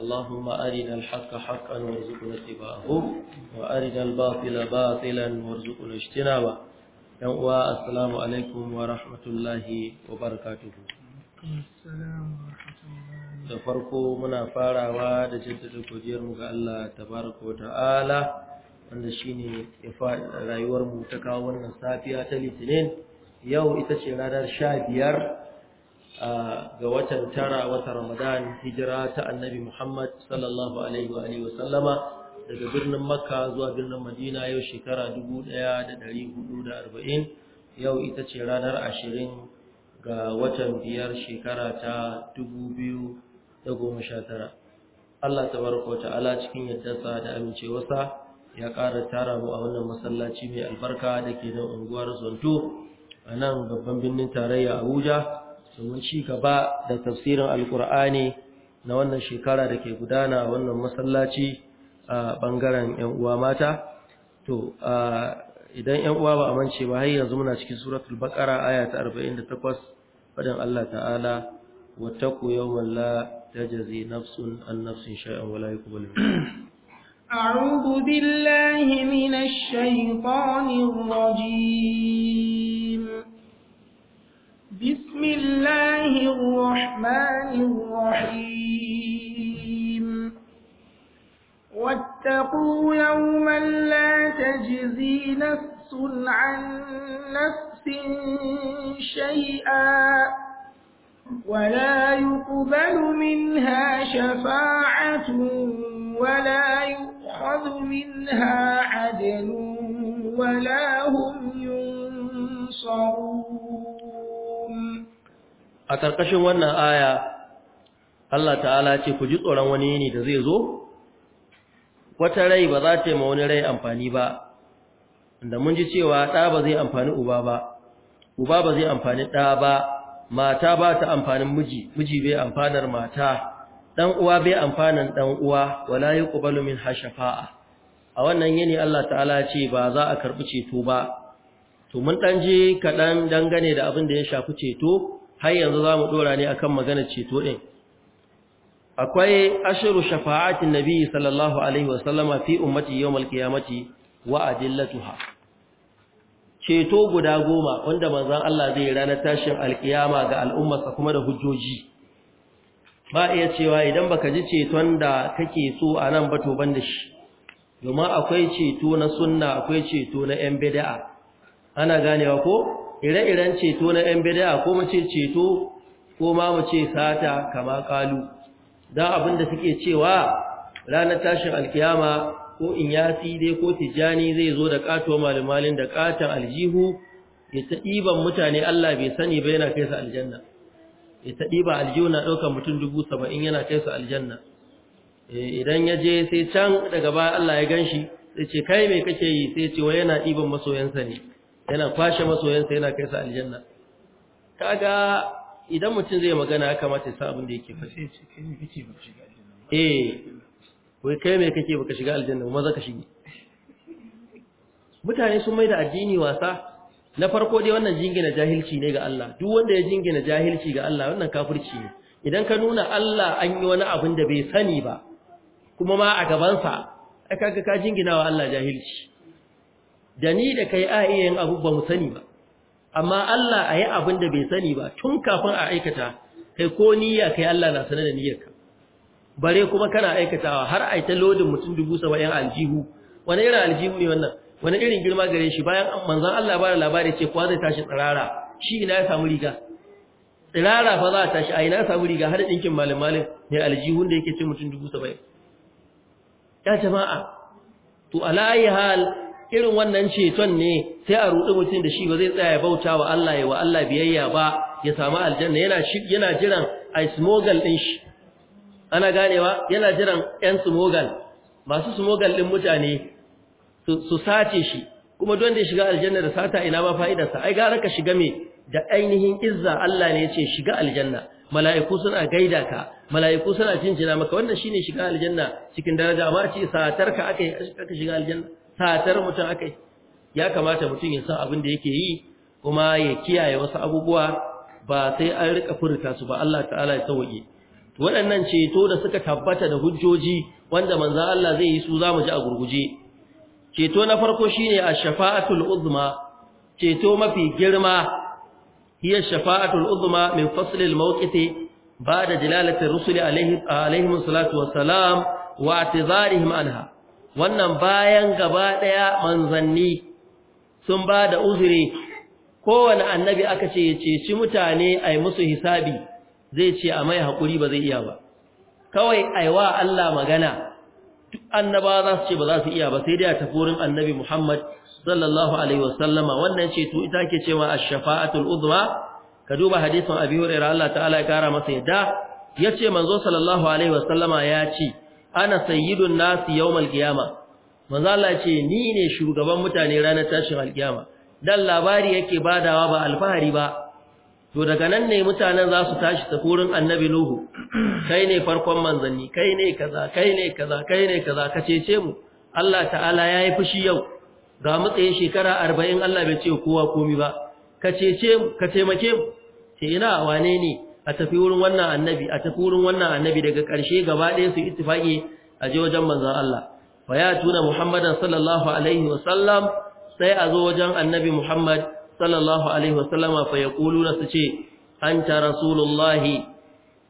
اللهم أرنا الحق حقا وارزقنا اتباعه وأرنا الباطل باطلا وارزقنا اجتنابه السلام عليكم ورحمة الله وبركاته da farko muna farawa da jaddada mu ga Allah tabaraka wa ta'ala wanda shine ya rayuwar mu ta kawo wannan safiya ta Litinin yau ita ce ranar 15 ga watan tara watan Ramadan hijira ta Annabi Muhammad sallallahu alaihi wa alihi daga birnin Makka zuwa birnin Madina yau shekara 1440 yau ita ce ranar 20 ga watan biyar shekara ta 2019 Allah Ta tabaraka ta'ala cikin yaddarsa da wasa ya ƙara tara mu a wannan masallaci mai albarka da ke nan unguwar Zonto a nan babban birnin tarayya Abuja domin ci gaba da tafsirin alkur'ani na wannan shekara da ke gudana a wannan masallaci a bangaren yan uwa mata to idan yan uwa ba amince ba har yanzu muna cikin suratul baqara aya ta 48 fadin Allah ta'ala wattaqu yawman la tajzi nafsun an nafsin shay'an wa la yuqbalu أعوذ بالله من الشيطان بسم الله الرحمن الرحيم واتقوا يوما لا تجزي نفس عن نفس شيئا ولا يقبل منها شفاعة ولا يؤخذ منها عدل ولا هم ينصرون a ƙarƙashin wannan aya Allah ta'ala ce ku ji tsoron wani ne da zai zo wata rai ba za ta yi ma wani rai amfani ba da mun ji cewa ɗa ba zai amfani uba ba uba ba zai amfani ɗa ba mata ba ta amfanin miji miji bai amfanar mata ɗan uwa bai amfanin ɗan uwa wala yuqbalu min hashafa'a a wannan yini Allah ta'ala ce ba za a karɓi ceto ba to mun ɗan je kaɗan dangane da abin da ya shafi ceto har yanzu za mu ɗora ne akan maganar ceto ɗin akwai ashiru shafa'atin nabi sallallahu alaihi wasallama fi ummati yawmal mati, wa latuha. ceto guda goma wanda manzan Allah zai yi ranar tashin alkiyama ga al'ummarsa kuma da hujjoji ba iya cewa idan baka ji ceton da kake so a nan ba to ban da shi domin akwai ceto na sunna akwai ceto na yan bida'a. ana ganewa ko ire-iren ceto na ‘yan bidaya ko mace ceto ko ma mace sata kama kalu don abin da suke cewa ranar tashin alkiyama ko in yasi dai ko tijjani zai zo da kato malumalin da katon aljihu ya ta ɗiban mutane Allah bai sani ba yana kai su aljanna ya ta ɗiba aljihu na ɗaukar mutum dubu saba'in yana kai su aljanna eh, idan ya je sai can daga baya Allah ya gan shi sai ce kai mai kake yi sai ce wa yana ɗiban masoyansa ne yana kwashe masoyansa yana kai sa aljanna kaga idan mutum zai magana ya kamata ya sa abin da yake faɗi eh wai kai me kake baka shiga aljanna kuma zaka shige mutane sun mai da addini wasa na farko dai wannan jingina jahilci ne ga Allah duk wanda ya jingina jahilci ga Allah wannan kafirci ne idan ka nuna Allah an yi wani abin da bai sani ba kuma ma a gabansa ai kaga ka jingina wa Allah jahilci da ni da kai a iya abu ba mu sani ba amma Allah a yi abin da bai sani ba tun kafin a aikata kai ko niyya kai Allah na sanar da niyyarka bare kuma kana aikatawa har a ta lodin mutum dubu saba'in aljihu wani irin aljihu ne wannan wani irin girma gare shi bayan manzan Allah ba da labari ce kuwa zai tashi tsirara shi ina ya samu riga tsirara fa za a tashi a ina ya samu riga har ɗinkin malam malam mai aljihun da yake ce mutum dubu saba'in ya jama'a to alayi hal irin wannan ceton ne sai a ruɗi mutum da shi ba zai tsaya bauta wa Allah ya wa Allah biyayya ba ya samu aljanna yana yana jiran a smogal din shi ana ganewa yana jiran ƴan smogal masu smogal din mutane su sace shi kuma don da shiga aljanna da sata ina ba fa'idar sa ai gara ka shiga me da ainihin izza Allah ne ya ce shiga aljanna mala'iku suna gaida ka mala'iku suna jinjina maka wannan shine shiga aljanna cikin daraja amma a ce satarka aka aka shiga aljanna satar mutum yi. ya kamata mutum ya san abin da yake yi kuma ya kiyaye wasu abubuwa ba sai an rika furta su ba Allah ta'ala ya sauke waɗannan ceto da suka tabbata da hujjoji wanda manzan Allah zai yi su zamu ji a gurguje ceto na farko shine a shafaatul uzma ceto mafi girma hiya shafaatul uzma min fasl al-mawqiti ba'da jalalati rusuli rusul alayhi salatu wa salam wa i'tizarihim anha wannan bayan gaba ɗaya manzanni sun ba da uzuri kowane annabi aka ce ya ceci mutane a musu hisabi zai ce a mai haƙuri ba zai iya ba kawai aiwa Allah magana duk annaba za su ce ba za su iya ba sai dai a tafi wurin annabi Muhammad sallallahu alaihi wasallama wannan ce to ita ke cewa a shafaatul uzma ka duba hadisin Abi Hurairah Allah ta'ala ya kara masa yadda yace manzo sallallahu alaihi wasallama ya ce ana sayyidun nasi yawmal qiyama manzo Allah ce ni ne shugaban mutane ranar tashin alqiyama dan labari yake badawa ba alfahari ba to daga nan ne mutanen za su tashi ta wurin annabi nuhu kai ne farkon manzanni kai ne kaza kai ne kaza kai ne kaza ka ce mu Allah ta'ala yayi fushi yau ga mu shekara 40 Allah bai ce kowa komi ba ka ce mu ka mu ce ina wane ne a tafi wurin wannan annabi a tafi wurin wannan annabi daga ƙarshe gaba ɗaya su ittifaqi a je wajen manzon Allah fa ya tuna Muhammadan sallallahu alaihi wa sallam sai a zo wajen annabi Muhammad sallallahu alaihi wa sallama fa yaquluna su ce anta rasulullahi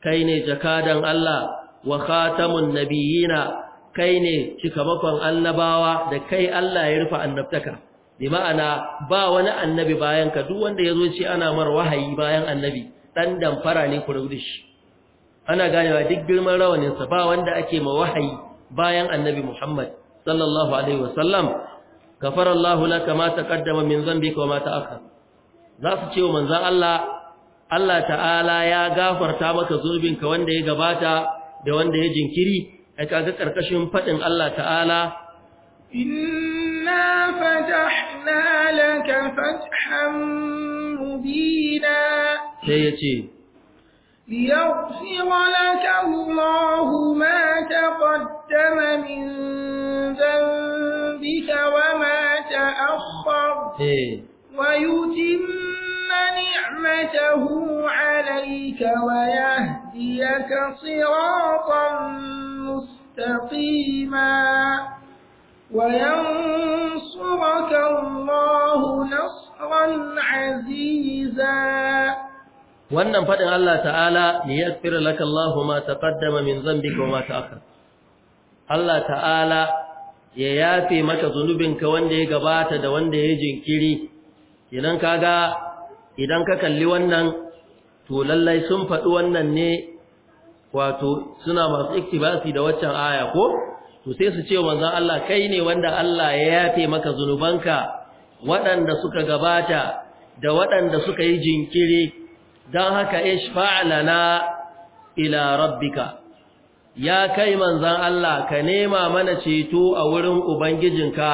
kai ne jakadan Allah wa khatamun nabiyina kai ne cikamakon annabawa da kai Allah ya rufe annabtaka bi ma'ana ba wani annabi bayan ka duk wanda yazo ce ana mar wahayi bayan annabi ɗan damfara ne ku shi ana ganewa duk girman rawanin sa ba wanda ake ma wahayi bayan annabi Muhammad sallallahu alaihi wasallam kafara Allah laka ma taqaddama min dhanbika wa ma aka. za su ce wa manzon Allah Allah ta'ala ya gafarta maka zurbinka wanda ya gabata da wanda ya jinkiri a kaga karkashin faɗin Allah ta'ala inna fatahna laka fathan ليغفر لك الله ما تقدم من ذنبك وما تأخر ويتم نعمته عليك ويهديك صراطا مستقيما وينصرك الله نصرا عزيزا wannan faɗin Allah ta'ala ni yaghfir laka Allah ma taqaddama min zambika wa ma ta'akhkhar Allah ta'ala ya yafe maka zunubinka wanda ya gabata da wanda ya jinkiri idan kaga idan ka kalli wannan to lallai sun faɗi wannan ne wato suna masu iktibasi da waccan aya ko to sai su ce manzon Allah kai ne wanda Allah ya yafe maka zunubanka waɗanda suka gabata da waɗanda suka yi jinkiri don haka ishfa' lana ila rabbika ya kai manzan Allah ka nema mana ceto a wurin ubangijinka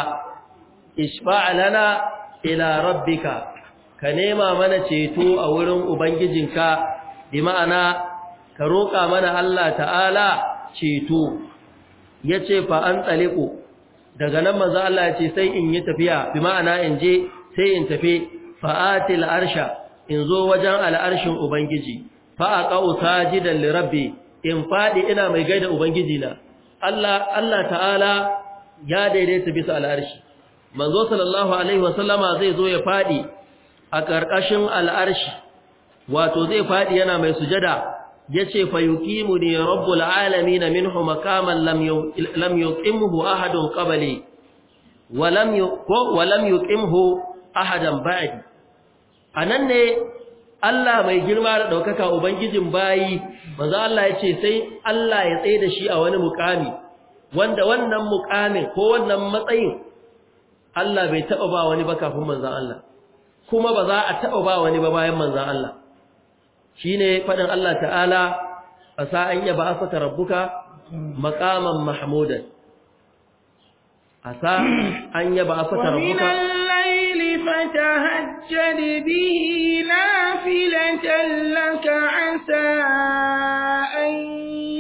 ishfa' lana ila rabbika ka nema mana ceto a wurin ubangijinka bi ma'ana ka roƙa mana Allah ta'ala ceto yace fa an tsaliƙo? daga nan manzan Allah ya ce sai in yi tafiya bi ma'ana in je sai in tafi fa'atil arsha in zo wajen al'arshin ubangiji fa ta ji li lirabbe, in faɗi ina mai gaida ubangiji na Allah ta'ala ya daidaita bisa al'arshi manzo sallallahu alaihi wasallama zai zo ya faɗi a ƙarƙashin al'arshi wato zai faɗi yana mai sujada ya fa yuqimu ni rabbul minhu ahadan bari? a nan ne Allah mai girma da ɗaukaka Ubangijin bayi, maza Allah ya ce sai Allah ya tsaye da shi a wani mukami, wanda wannan mukamin ko wannan matsayin Allah bai taɓa ba wani ba kafin manzan Allah, kuma ba za a taɓa ba wani ba bayan manzan Allah. Shi ne faɗin Allah ta'ala, a sa'an yaba afaka rabbuka maƙaman Mahmudan. A sa'an yaba afaka rabbuka. الليل فتهجد به نافلة لك عسى أن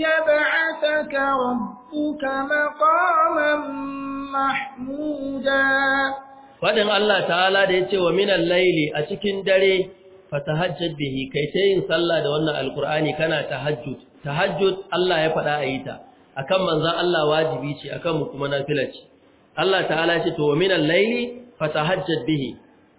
يبعثك ربك مقاما محمودا فدن الله تعالى ديتي ومن الليل أتكن دري فتهجد به كيتين صلى دون القرآن كان تهجد تهجد الله يفدأ أيتا أكم منذ الله واجبي أكم كما نافلة Allah ta'ala ce to minal laili fatahajjad bihi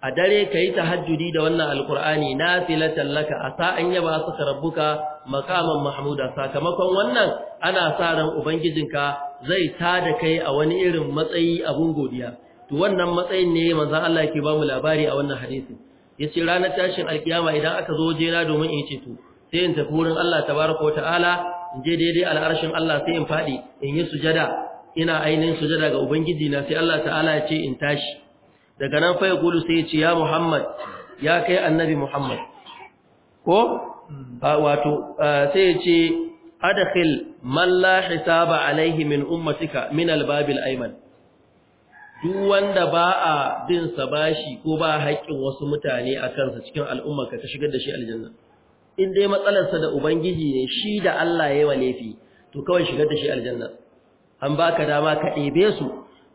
a dare kayi tahajjudi da wannan alqur'ani nafilatan laka asa an yaba saka rabbuka maqaman mahmuda sakamakon wannan ana sa ran ubangijinka zai tada kai a wani irin matsayi abun godiya to wannan matsayin ne manzon Allah yake ba mu labari a wannan hadisi yace ranar tashin alkiyama idan aka zo jera domin in ce to sai in tafi wurin Allah tabaraka wata'ala ta'ala in je daidai al'arshin Allah sai in fadi in yi sujada ina ainihin sujada ga ubangiji na sai Allah ta'ala ya ce in tashi daga nan fai gulu sai ya ce ya Muhammad ya kai annabi Muhammad ko hmm. ah, wato ah, sai ya ce adakhil man la hisaba alaihi min ummatika min albabil ayman duk wanda ba a bin sa bashi ko ba haƙƙin wasu mutane a kansa cikin al'ummarka ka shigar da shi aljanna in dai matsalarsa da ubangiji ne shi da Allah ya yi wa laifi to kawai shigar da shi aljanna an baka dama ka ɗebe su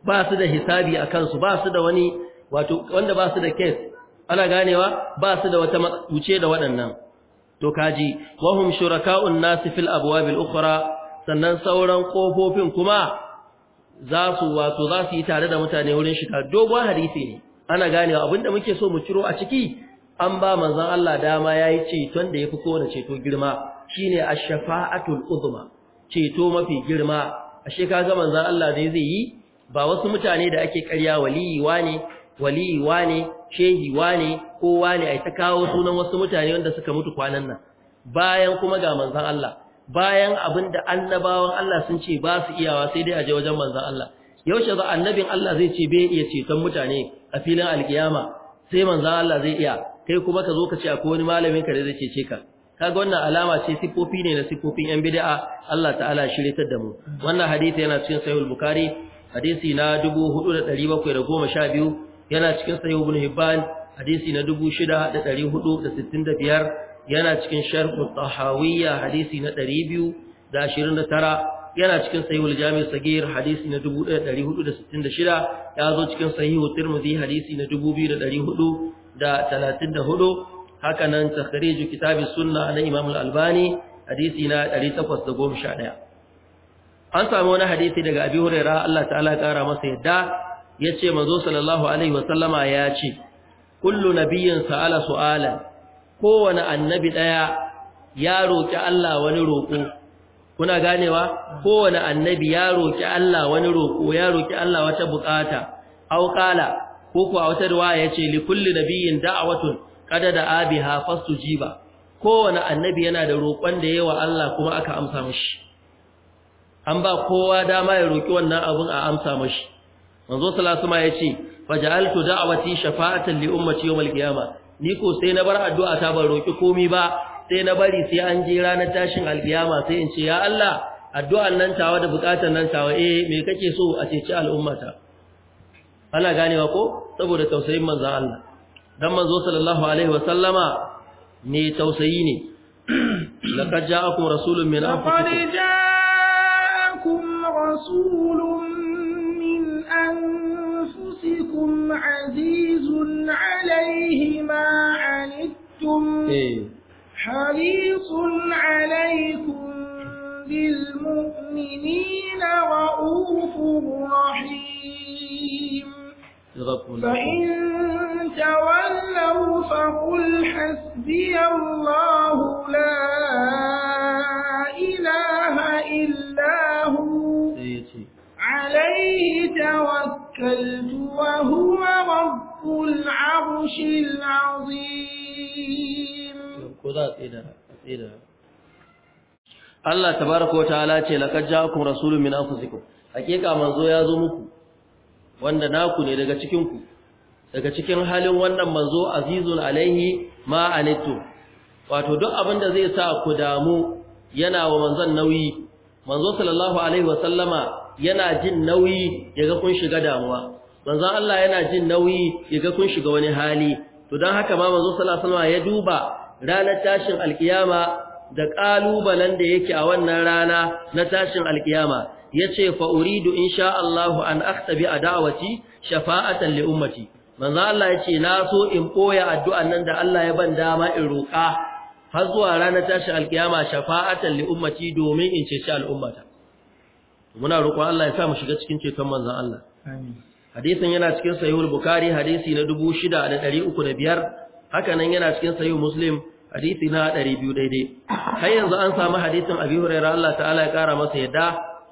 ba su da hisabi a kansu ba su da wani wato wanda ba su da kes, ana ganewa ba su da wata wuce da waɗannan to kaji wahum shuraka'un nasu fil abwabil ukhra sannan sauran kofofin kuma za su wato za su yi tare da mutane wurin shiga dogon hadisi ne ana ganewa abinda muke so mu ciro a ciki an ba manzon Allah dama yayi ceton da yafi kowane ceto girma shine ash-shafa'atul uzma ceto mafi girma ashe ka ga manzon Allah zai zai yi ba wasu mutane da ake karya waliyi ne? waliyi wane shehi wane ko wane ai ta kawo sunan wasu mutane wanda suka mutu kwanan nan bayan kuma ga manzon Allah bayan abinda annabawan Allah sun ce ba su iyawa sai dai a je wajen manzon Allah yaushe ga annabin Allah zai ce bai iya ceton mutane a filin alkiyama sai manzon Allah zai iya kai kuma ka zo ka ce akwai wani malamin ka da zai cece ka kaga wannan alama ce sifofi ne na sifofin yan bid'a Allah ta'ala shiritar da mu wannan hadisi yana cikin sahih al-bukhari hadisi na 4712 yana cikin sahih ibn hibban hadisi na 6465 yana cikin sharh at-tahawiyya hadisi na 229 yana cikin sahih al-jami' sagir hadisi na 1466 ya zo cikin sahih at-tirmidhi hadisi na 2434 haka nan takhrij kitab as-sunnah na imam al-albani hadisi na 811 an samu wani hadisi daga abi huraira Allah ta'ala ya kara masa yadda yace manzo sallallahu alaihi wasallama ya ce kullu nabiyyin sa'ala su'alan kowane annabi daya ya roki Allah wani roko kuna ganewa kowane annabi ya roki Allah wani roko ya roki Allah wata bukata aw qala ko kuwa wata riwaya yace li kulli nabiyyin da'watun kada da abiha fastujiba kowane annabi yana da roƙon da yawa Allah kuma aka amsa mishi an ba kowa dama ya roki wannan abun a amsa mishi manzo sallallahu alaihi wasallam yace faj'altu da'wati shafa'atan li ummati yawm al qiyama ni ko sai na bar addu'a ta ban roki komi ba sai na bari sai an je ranar tashin al-qiyama sai in ce ya Allah addu'an nan tawa da bukatun nan tawa eh me kake so a ceci al'ummata ana ganewa ko saboda tausayin manzo Allah dan manzo sallallahu alaihi wasallama ne tausayi ne laqad ja'akum rasulun min anfusikum laqad ja'akum rasulun ربكم عزيز عليه ما عنتم إيه. حريص عليكم بالمؤمنين رؤوف رحيم فإن تولوا فقل حسبي الله لا إله إلا هو إيه، إيه. عليه توكلت وهو رب العرش العظيم Allah tabaraka wa ta'ala ce laqad ja'akum rasulun min anfusikum hakika manzo ya zo muku wanda naku ne daga cikin ku daga cikin halin wannan manzo azizun alaihi ma anittu wato duk abin da zai sa ku damu yana wa manzon nauyi manzo sallallahu alaihi wa sallama yana jin nauyi yaga kun shiga damuwa manzon Allah yana jin nauyi yaga kun shiga wani hali to dan haka ma manzo sallallahu alaihi wasallam ya duba ranar tashin alkiyama da kalubalen da yake a wannan rana na tashin alkiyama yace fa uridu insha Allah an aktabi adawati shafa'atan li ummati manzo Allah yace na so in ɓoya addu'an nan da Allah ya ban dama in roka har zuwa ranar tashin alkiyama shafa'atan li ummati domin in ceci al'ummata muna roƙon Allah ya sa mu shiga cikin ceton manzon Allah amin hadisin yana cikin sahihul bukhari hadisi na 6305 haka nan yana cikin sahihul muslim hadisi na 200 daidai har yanzu an samu hadisin abi hurairah Allah ta'ala ya kara masa yadda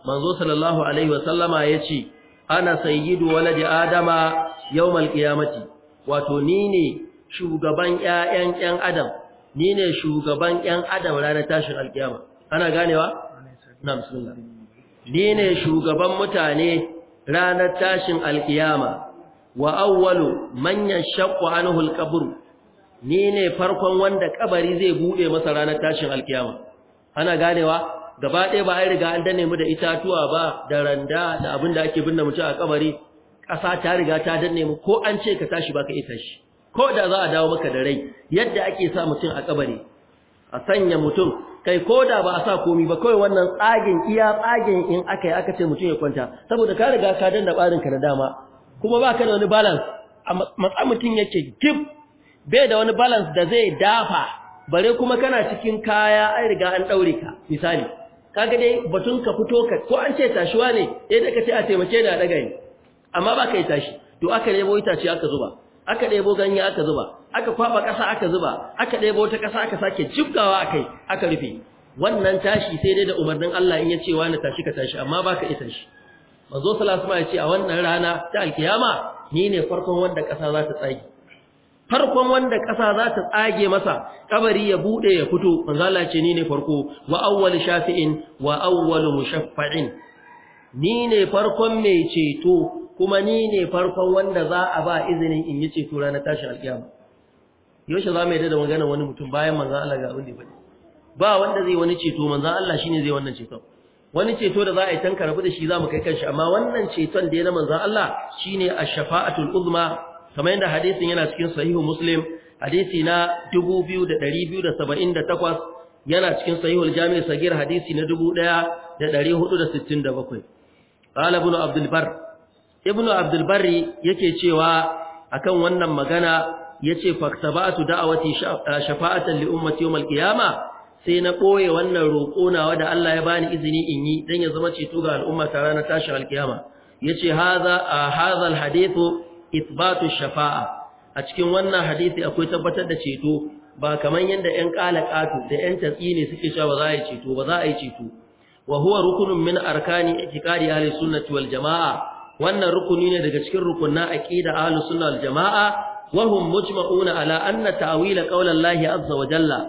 manzo sallallahu alaihi wasallama ce, ana sayyidu waladi adama yawmal qiyamati wato ni ne shugaban ƴaƴan ƴan adam ni ne shugaban ƴan adam ranar tashin alkiyama ana ganewa na bismillah ni ne shugaban mutane ranar tashin alkiyama wa awwalu manyan yashaqqu anhu alqabr ni ne farkon wanda kabari zai bude masa ranar tashin alkiyama ana ganewa gaba ɗaya ba yi riga an danne mu da itatuwa ba da randa da abin da ake binne mutum a kabari ƙasa ta riga ta danne mu ko an ce ka tashi baka ita shi ko da za a dawo maka da rai yadda ake sa mutum a kabari a sanya mutum kai ko da ba a sa komi ba kawai wannan tsagen iya tsagen in aka yi aka ce mutum ya kwanta saboda ka riga ka danna ka na dama kuma ba ka da wani balance a matsa mutum yake gib bai da wani balance da zai dafa bare kuma kana cikin kaya an riga an daure ka misali kaga dai batun ka fito ka ko an ce tashiwa ne eh da ka ce a taimake da daga ni amma ba ka yi tashi to aka debo itace aka zuba aka lebo ganye aka zuba aka kwaba ƙasa aka zuba aka ɗebo wata ƙasa aka sake jibgawa akai aka rufe wannan tashi sai dai da umarnin Allah in ya ce wani tashi ka tashi amma ba ka isa shi. manzo sallallahu alaihi ya ce a wannan rana ta alkiyama ni ne farkon wanda ƙasa za ta tsage farkon wanda ƙasa za ta tsage masa kabari ya bude ya fito manzo Allah ya ce ni ne farko wa awwal shafi'in wa awwal mushaffa'in ni ne farkon mai ceto kuma ni ne farkon wanda za a ba izinin in yi ceto ranar tashin alkiyama yaushe za mu yadda da magana wani mutum bayan manzan Allah ga abin da ya faɗi ba wanda zai wani ceto manzan Allah shine zai wannan ceton wani ceto da za a yi tanka rabu da shi za mu kai kanshi amma wannan ceton da ya na manzan Allah shine a shafaatul uzma kamar yadda hadisin yana cikin sahihu muslim hadisi na 2278 yana cikin sahihul jami' sagir hadisi na 1467 qala ibn abdul bar ibn abdul barri yake cewa akan wannan magana yace faktabatu da'awati eh, shafa'atan li ummati yawm al-qiyama sai na koye wannan roƙo nawa da Allah ya bani izini in yi dan ya zama ceto ga al'umma ta ranar tashin al yace hadha hadha al-hadithu ithbatu shafa'a a cikin wannan hadisi akwai tabbatar da ceto ba kaman yanda ƴan qalaqatu da ƴan ne suke cewa ba za a yi ceto ba za a yi ceto wa huwa rukunun min arkani iqtiqadi ahli sunnati wal jamaa wannan rukuni ne daga cikin rukunna aqida ahlus sunna wal jamaa wa hum mujma'una ala anna ta'wila qaulallahi azza wa jalla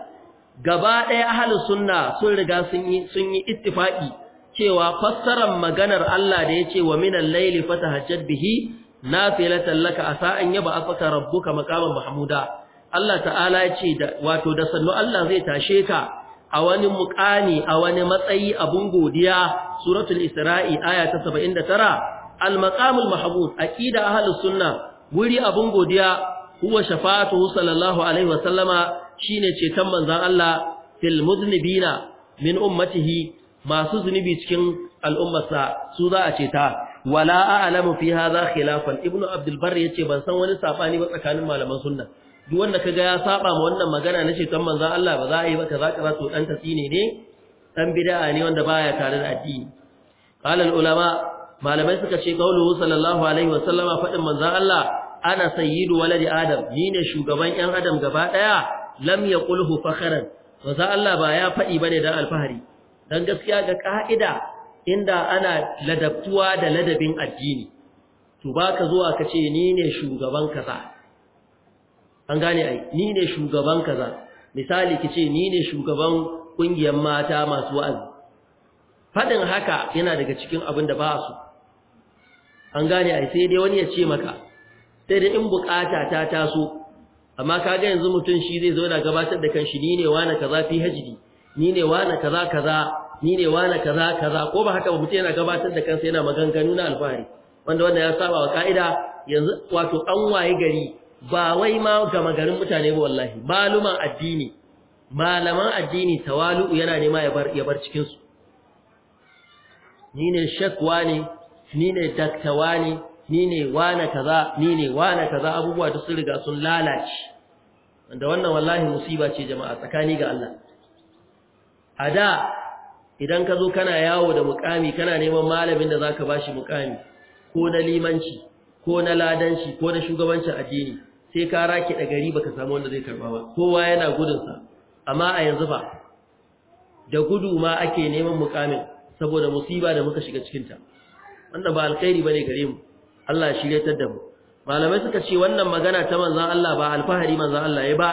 gaba ɗaya ahlus sunna sun riga sun yi sun yi ittifaqi cewa fassarar maganar Allah da yace wa minal layli hajjar bihi nafilatan laka asa an yaba afaka rabbuka maqaman mahmuda Allah ta'ala yace da wato da sannu Allah zai tashe ka a wani muqani a wani matsayi abun godiya suratul isra'i aya ta 79 al-maqamul mahbub aqida ahlus sunna guri abun godiya huwa Shafa'atu sallallahu alaihi wa sallama shine ceton manzon Allah fil muznibina min ummatihi masu zunubi cikin al'ummarsa su za a ceta wala a'lamu fi hadha khilafan ibnu abdul ya yace ban san wani sabani ba tsakanin malaman sunna duk wanda kaga ya saba ma wannan magana na ceton manzon Allah ba za a yi ba kaza kaza to dan tasine ne dan bid'a ne wanda baya tare da addini qala al ulama malamai suka ce kaulu sallallahu alaihi wasallama fadin manzo Allah ana sayyidu waladi adam ni ne shugaban yan adam gaba daya lam yaqulhu fakhran za Allah ba ya fadi bane dan alfahari dan gaskiya ga kaida inda ana ladabtuwa da ladabin addini to baka zuwa kace ni ne shugaban kaza an gane ai ni ne shugaban kaza misali kice ni ne shugaban kungiyar mata masu wa'azi fadin haka yana daga cikin abin da ba su an gane ai sai dai wani ya ce maka sai dai in bukata ta taso amma kaga yanzu mutum shi zai zo da gabatar da kanshi ni ne wani kaza fi hajji ni ne wani kaza kaza ni ne wani kaza kaza ko ba haka ba mutum yana gabatar da kansa yana maganganu na alfahari wanda wanda ya saba wa ka'ida yanzu wato an waye gari ba wai ma ga garin mutane ba wallahi maluman addini malaman addini tawalu'u yana nema ya bar ya bar cikin su ni ne shakwa ne ni ne daktawa ne ni ne wane kaza ni ne wane kaza abubuwa da sun riga sun lalace wanda wannan wallahi musiba ce jama'a tsakani ga Allah a da idan ka zo kana yawo da mukami kana neman malamin da zaka bashi mukami ko na limanci ko na ladanci ko na shugabancin addini sai ka raki da gari baka samu wanda zai karba ba kowa yana gudun sa amma a yanzu fa da gudu ma ake neman mukamin saboda musiba da muka shiga cikin ta wanda ba alkhairi bane gare mu Allah ya shiryatar da mu malamai suka ce wannan magana ta manzon Allah ba alfahari manzon Allah ya ba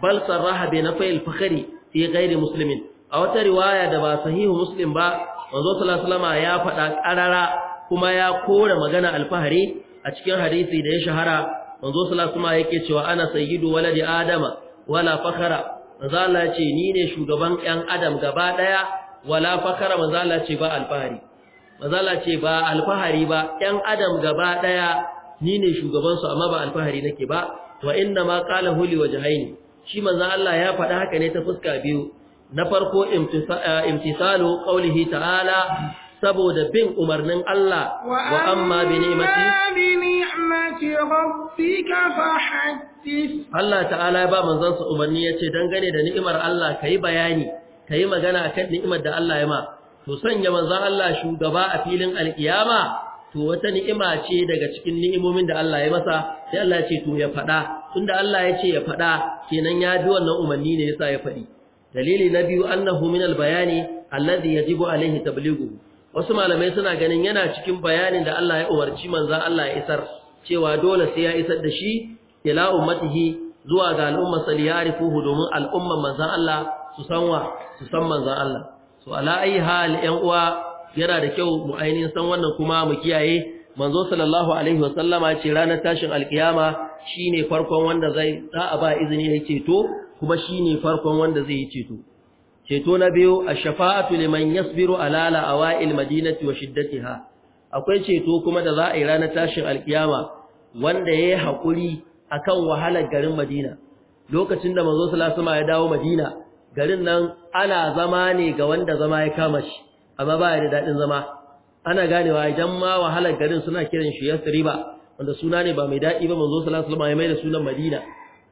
bal sarraha bi nafil fakhri fi ghairi muslimin a wata riwaya da ba sahihu muslim ba manzo sallallahu alaihi wasallam ya faɗa ƙarara kuma ya kore magana alfahari a cikin hadisi da ya shahara manzo sallallahu alaihi yake cewa ana sayyidu waladi adama wala fakhara manzo Allah ya ce ni ne shugaban ƴan adam gaba daya wala fakhara manzo Allah ya ce ba alfahari mazala ce ba alfahari ba 'yan adam gaba ɗaya ni ne shugabansu amma ba alfahari nake ba wa inna ma qala huli wajhaini shi manzo Allah ya faɗa haka ne ta fuska biyu na farko eh, imtisalu qawlihi ta'ala saboda bin umarnin Allah wa amma bi ni'mati Allah ta'ala ya ba manzansa umarni yace dangane da ni'imar Allah kai bayani kai magana akan ni'imar da Allah ya ma to sanya manzon Allah shugaba a filin alkiyama to wata ni'ima ce daga cikin ni'imomin da Allah ya masa sai Allah ya ce to ya faɗa tunda Allah ya ce ya faɗa kenan ya bi wannan umarni ne yasa ya faɗi dalili na biyu annahu min albayani alladhi yajibu alaihi tablighu wasu malamai suna ganin yana cikin bayanin da Allah ya umarci manzan Allah ya isar cewa dole sai ya isar da shi ila ummatihi zuwa ga al'umma saliyarifuhu domin al'umman manzon Allah su sanwa su san manzon Allah to ala ayi hal ƴan uwa yana da kyau mu ainihin san wannan kuma mu kiyaye manzo sallallahu alaihi wasallama ce ranar tashin alkiyama shine farkon wanda zai za a ba izini ya ceto kuma shine farkon wanda zai yi ceto ceto na biyu ash-shafa'atu liman yasbiru ala la'awa'il madinati wa shiddatiha akwai ceto kuma da za a yi ranar tashin alkiyama wanda yayi hakuri akan wahalar garin Madina lokacin da manzo sallallahu alaihi wasallama ya dawo Madina garin nan ana zama ne ga wanda zama ya kama shi amma ba ya da daɗin zama ana ganewa idan ma wahalar garin suna kiran shi yasriba wanda suna ne ba mai daɗi ba manzo sallallahu alaihi wasallam ya mai da sunan madina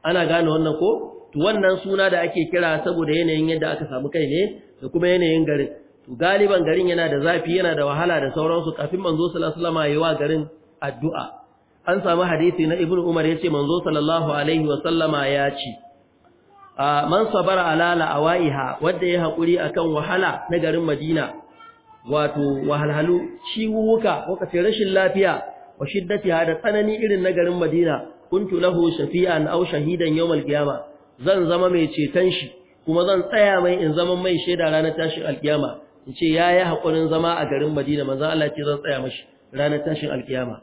ana gane wannan ko to wannan suna da ake kira saboda yanayin yadda aka samu kai ne da kuma yanayin garin to galiban garin yana da zafi yana da wahala da sauransu kafin manzo sallallahu alaihi wasallam ya wa garin addu'a an samu hadisi na ibnu umar yace manzo sallallahu alaihi wasallama ya ce man sabara alala awaiha wanda ya hakuri akan wahala na garin Madina wato wahalhalu ciwuka ce rashin lafiya wa shiddati da tsanani irin na garin Madina kuntu lahu shafi'an aw shahidan yawmal qiyama zan zama mai ceton shi kuma zan tsaya mai in zama mai shaida ranar tashin alkiyama in ce yayi hakurin zama a garin Madina manzo Allah ce zan tsaya mashi ranar tashin alkiyama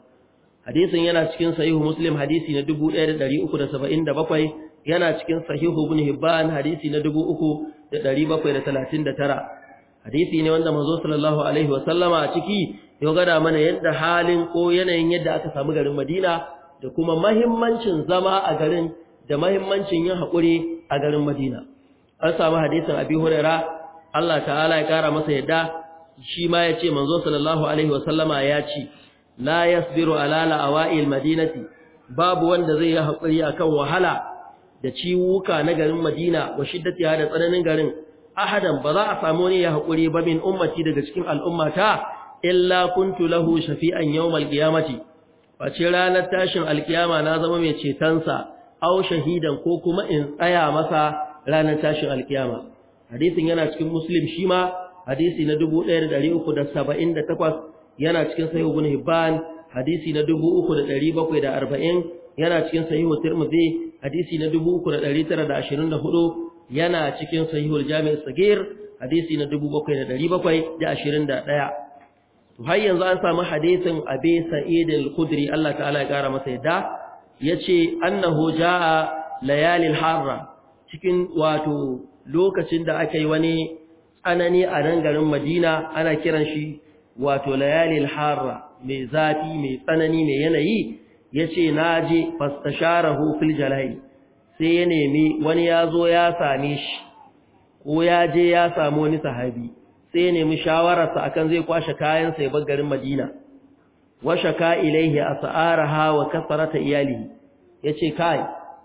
hadisin yana cikin sahihu muslim hadisi na 1377 yana cikin sahihu ibn hibban hadisi na 3739 hadisi ne wanda manzo sallallahu alaihi wa sallama a ciki ya gada mana yadda halin ko yanayin yadda aka samu garin Madina da kuma mahimmancin zama a garin da mahimmancin yin hakuri a garin Madina an samu hadisin Abi Huraira Allah ta'ala ya kara masa yadda shi ma ya ce manzo sallallahu alaihi wa sallama ya ce la yasbiru ala la'awa'il madinati babu wanda zai yi haƙuri akan wahala da ciwuka na garin Madina wa shiddatiha da tsananin garin ahadan ba za a samu ne ya hakuri ba min ummati daga cikin al'ummata illa kuntu lahu shafi'an yawmal qiyamati face ranar tashin alkiyama na zama mai cetonsa au shahidan ko kuma in tsaya masa ranar tashin alkiyama hadisin yana cikin muslim shi ma hadisi na 1378 yana cikin sahih ibn hibban hadisi na 3740 yana cikin sahih tirmidhi hadisi na 3924 yana cikin sahihul jami'in sagir hadisi na 7721 to har yanzu an samu hadisin abi sa'id al-khudri Allah ta'ala ya kara masa yadda yace annahu jaa layalil harra cikin wato lokacin da aka yi wani tsanani a nan garin Madina ana kiran shi wato layalil harra mai zafi mai tsanani mai yanayi Ya ce na je fastasharahu fil jalai sai ya nemi wani ya zo ya same shi ko ya je ya samu wani sahabi sai ya nemi shawararsa akan zai kwashe kayan sa ya bar garin Madina wa shaka ilaihi ha wa Iyali ya ce kai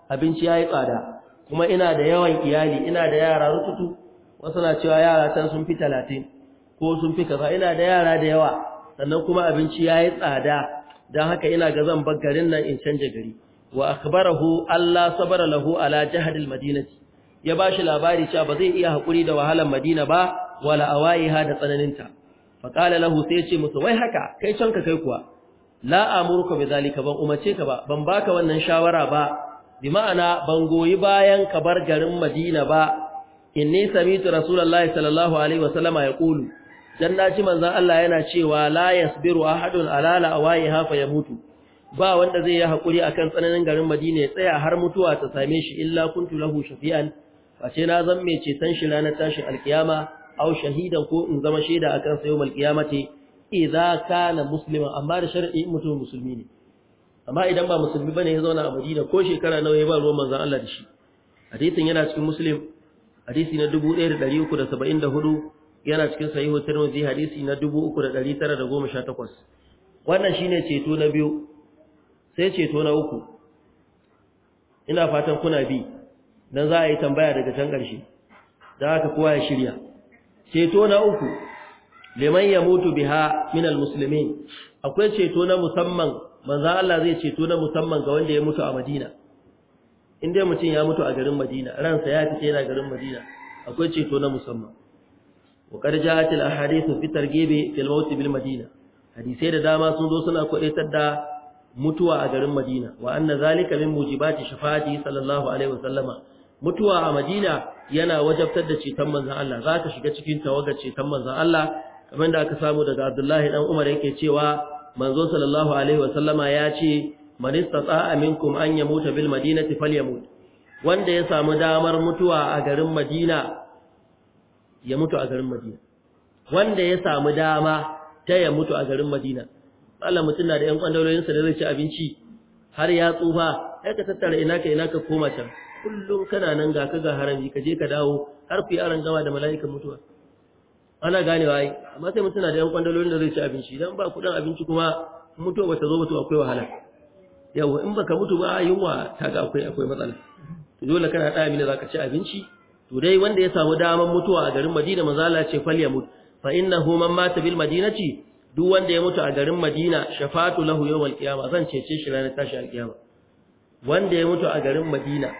abinci yayi tsada kuma ina da yawan iyali ina da yara rututu wasu na cewa yara tan sun fi 30 ko sun fi kaza ina da yara da yawa sannan kuma abinci yayi tsada dan haka ina ga zan bar garin nan in canja gari wa akhbarahu Allah sabara lahu ala jahadil madinati ya bashi labari cewa ba zai iya hakuri da wahalan madina ba wala awaiha da tsananinta fa qala lahu sai ya ce musu wai haka kai canka kai kuwa la amuruka bi zalika ban umace ka ba ban baka wannan shawara ba bi ma'ana ban goyi bayan ka bar garin madina ba inni samitu rasulullahi sallallahu alaihi wasallama yaqulu dan naji manzon Allah yana cewa la yasbiru ahadun ala hafa, fa yamutu ba wanda zai yi hakuri akan tsananin garin Madina ya tsaya har mutuwa ta same shi illa kuntu lahu shafi'an face na zan mai ceton shi ranar tashin alkiyama aw shahidan ko in zama shaida akan sa yawmal qiyamati idza kana muslima amma da shar'i mutum musulmi ne amma idan ba musulmi bane ya zauna a Madina ko shekara nawa ya ba ruwan manzon Allah da shi hadisin yana cikin muslim hadisi na 1374 yana cikin sahihu tirmidhi hadisi na 3918 wannan shine ceto na biyu sai ceto na uku ina fatan kuna bi dan za a yi tambaya daga can ƙarshe da haka kowa ya shirya ceto na uku liman yamutu biha min almuslimin akwai ceto na musamman manzo Allah zai ceto na musamman ga wanda ya mutu a Madina indai mutum ya mutu a garin Madina ransa ya fice yana garin Madina akwai ceto na musamman وقد جاءت الاحاديث في ترغيب في الموت بالمدينه hadisai da dama sun zo suna kwadaitar da mutuwa a garin Madina wa anna zalika min mujibati shafaati sallallahu alaihi wasallama mutuwa a Madina yana wajabtar da cetan manzon Allah za ta shiga cikin tawagar cetan manzon Allah kamar da aka samu daga Abdullahi dan Umar yake cewa manzo sallallahu alaihi wasallama ya ce man istata'a minkum an yamuta bil madinati falyamut wanda ya samu damar mutuwa a garin Madina ya mutu a garin Madina wanda ya samu dama ta ya mutu a garin Madina Allah mutum na da ƴan sa da zai ci abinci har ya tsufa ai ka tattara ina ka ina ka koma can kullun kana nan ga ka ga harami ka je ka dawo har ku yi aran gama da mala'ikan mutuwa ana gane wai amma sai mutum na da ƴan kwandalolin da zai ci abinci dan ba kudin abinci kuma mutuwa bata zo ba to akwai wahala yawa in baka mutu ba yunwa ta ga akwai akwai matsala dole kana da amina zaka ci abinci to dai wanda ya samu daman mutuwa a garin Madina manzo Allah ce fal yamut fa innahu man mata bil madinati duk wanda ya mutu a garin Madina shafatu lahu yawal qiyama zan cece shi ranar tashi alqiyama wanda ya mutu a garin Madina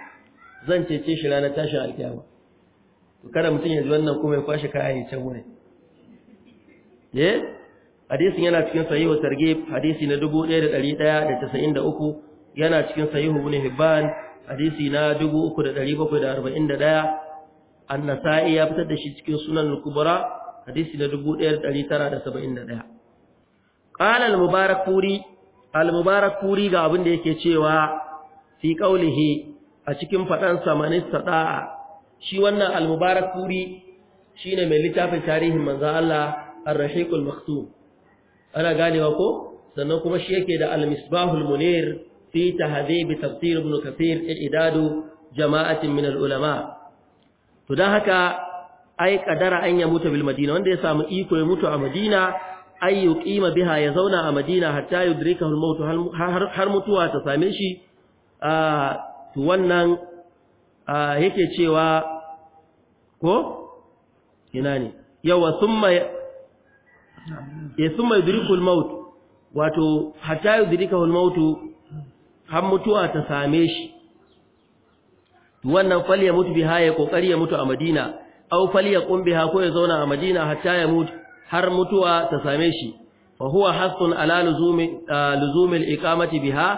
zan cece shi ranar tashi alqiyama to kada mutun ya ji wannan kuma ya kwashi kaya ya can wurin eh hadisin yana cikin sahihu targhib hadisi na 1193 yana cikin sahihu ibn hibban hadisi na 3741 an-nasa'i ya fitar da shi cikin sunan al-kubra hadisi na 1971 qala al-mubarak puri al-mubarak puri ga abin da yake cewa fi qaulihi a cikin fadan sa manistata shi wannan al-mubarak puri shine mai littafin tarihin manzo Allah ar-rahiqul maktum ana ganewa ko sannan kuma shi yake da al-misbahul munir fi tahdhib tafsir ibn kathir al-idadu jama'atin min al-ulama to don haka ai kadara an ya mutu bil madina wanda ya samu iko ya mutu a madina ai yuqima biha ya zauna a madina hatta yudrikahu al maut har mutuwa ta same shi to wannan yake cewa ko ina ne yawa thumma ya thumma yudrikahu al maut wato hatta yudrikahu al maut har mutuwa ta same shi wannan fal ya mutu biha ya kokari ya mutu a Madina aw fal ya qum biha ko ya zauna a Madina hatta ya mutu har mutuwa ta same shi fa huwa hasun ala luzumi luzumi al-iqamati biha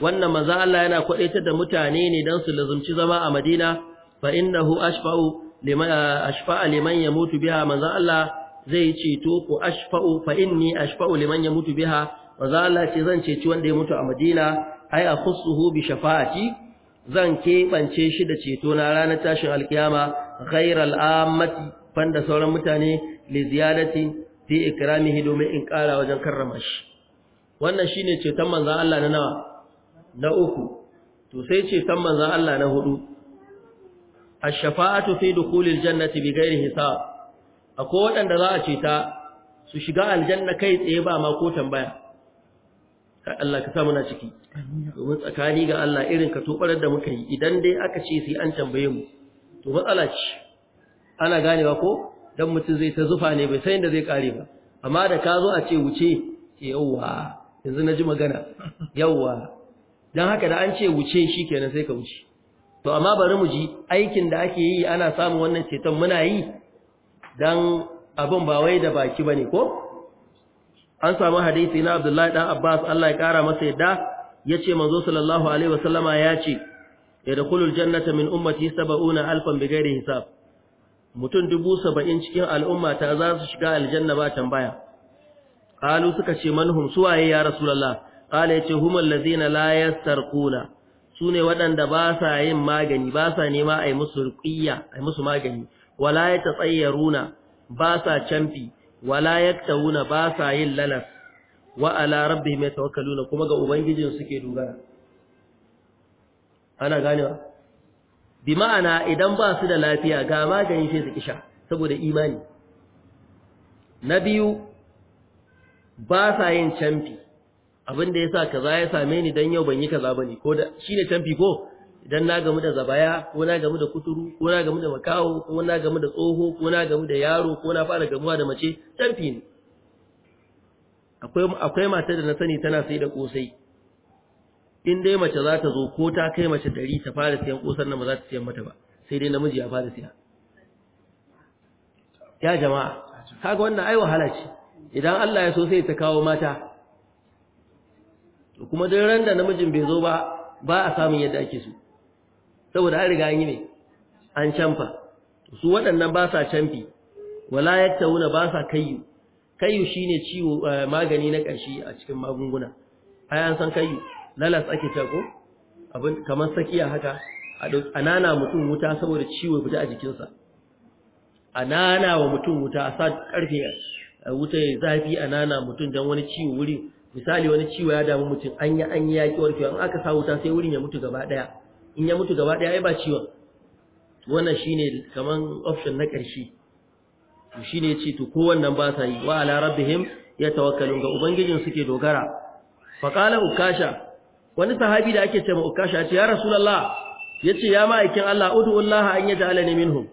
wannan manzo Allah yana kwadaitar da mutane ne dan su lazumci zama a Madina fa innahu ashfa'u liman ashfa'a liman yamutu biha manzo Allah zai ceto ku ashfa'u fa inni ashfa'u liman yamutu biha manzo Allah ce zan ceci wanda ya mutu a Madina ai akhussuhu bi shafa'ati zan keɓance shi da ceto na ranar tashin alkiyama ghairal ammati banda sauran mutane li ziyadati fi ikramihi domin in ƙara wajen karrama shi wannan ne ceton manzon Allah na nawa na uku to sai ceton manzon Allah na hudu ash-shafa'atu fi dukhulil jannati gairi hisab akwai waɗanda za a ceta su shiga aljanna kai tsaye ba ma ko tambaya Allah ka samu na ciki domin tsakani ga Allah irin ka tobarar da muka yi idan dai aka ce sai an tambaye mu to matsala ce ana ganewa ko dan mutum zai ta zufa ne bai san da zai kare ba amma da ka zo a ce wuce yawwa yanzu na ji magana yawwa dan haka da an ce wuce shikenan sai ka wuce to amma bari mu ji aikin da ake yi ana samun wannan ceton muna yi dan abin ba wai da baki ba ne ko an samu hadisi na Abdullahi dan Abbas Allah ya kara masa yadda yace manzo sallallahu alaihi wasallama yace yadkhulul jannata min ummati 70000 alfan bighairi hisab mutum dubu saba'in cikin al'umma ta za su shiga aljanna ba tambaya qalu suka ce manhum suwaye ya rasulullah qala yace humul ladzina la yastarquna sune waɗanda ba sa yin magani ba sa nema ai musu ruqiyya ai musu magani wala yatasayyaruna ba sa canfi wala yaktawuna ba sa yin lalas wa ala rabbihim yatawakkaluna kuma ga ubangijin suke dogara ana ganewa bi ma'ana idan ba su da lafiya ga maganin shi su kisha saboda imani na biyu ba sa yin camfi abinda yasa kaza ya same ni dan yau ban yi kaza bane ko da shine camfi ko idan na gamu da zabaya ko na gamu da kuturu ko na gamu da makaho ko na gamu da tsoho ko na gamu da yaro ko na fara gamuwa da mace tarfi ne akwai akwai mata da na sani tana sai da kosai in dai mace za ta zo ko ta kai mace dari ta fara siyan kosan nan ba za ta siyan mata ba sai dai namiji ya fara siya ya jama'a kaga wannan ai wahala ce idan Allah ya so sai ta kawo mata kuma duk ran da namijin bai zo ba ba a samun yadda ake so saboda an riga an yi ne an canfa su waɗannan ba sa canfi wala wuna ba sa kayyu kayyu shine ciwo eh, magani na ƙarshe a cikin magunguna ai an san kayyu lalas ake ta ko abin kamar sakiya haka a nana mutum wuta saboda ciwo fita a jikinsa a nana wa mutum wuta a sa karfe wuta ya zafi a nana mutum don wani ciwo wuri misali wani ciwo ya damu mutum an yi an yi yaƙi warkewa in aka sa wuta sai wurin ya mutu gaba ɗaya in ya mutu gaba ɗaya ai ba ciwon wannan shine kaman option na ƙarshe to shine yace to ko wannan ba sa yi wa ala rabbihim yatawakkalun ga ubangijin suke dogara fa qala ukasha wani sahabi da ake cewa ukasha ce ya rasulullah yace ya ma'aikin Allah ud'u Allah an yaj'alani minhum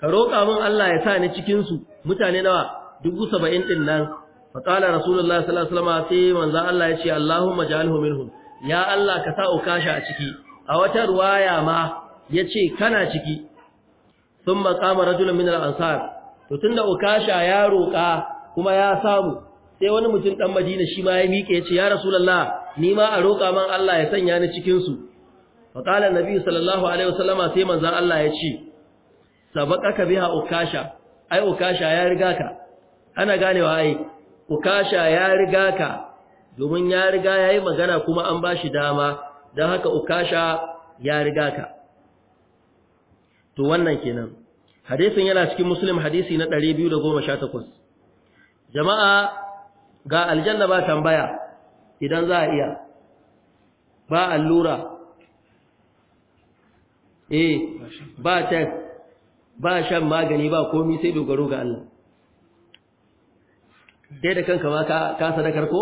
ka roƙa min Allah ya sa ni cikin su mutane nawa 70 din nan fa qala rasulullah sallallahu alaihi wasallam sai manzo Allah yace Allahumma ja'alhu minhum ya Allah ka sa ukasha a ciki a wata ruwaya ma ya ce kana ciki sun makama rajulun minar ansar to tun da ukasha ya roƙa kuma ya samu sai wani mutum ɗan madina shi ma ya miƙe ya ce ya rasulallah ni ma a roƙa man Allah ya sanya ni cikinsu faƙalar nabi sallallahu alaihi wasallama sai manzan Allah ya ce sabaƙa ka biha ukasha ai ukasha ya riga ka ana ganewa ai ukasha ya riga ka domin ya riga ya yi magana kuma an ba shi dama don haka ukasha ya riga ka to wannan kenan hadisin yana cikin muslim hadisi na 218 jama'a ga aljanna ba tambaya idan za a iya ba allura eh ba ta ba shan magani ba komi sai dogaro ga Allah dai da kanka ma ka sadakar ko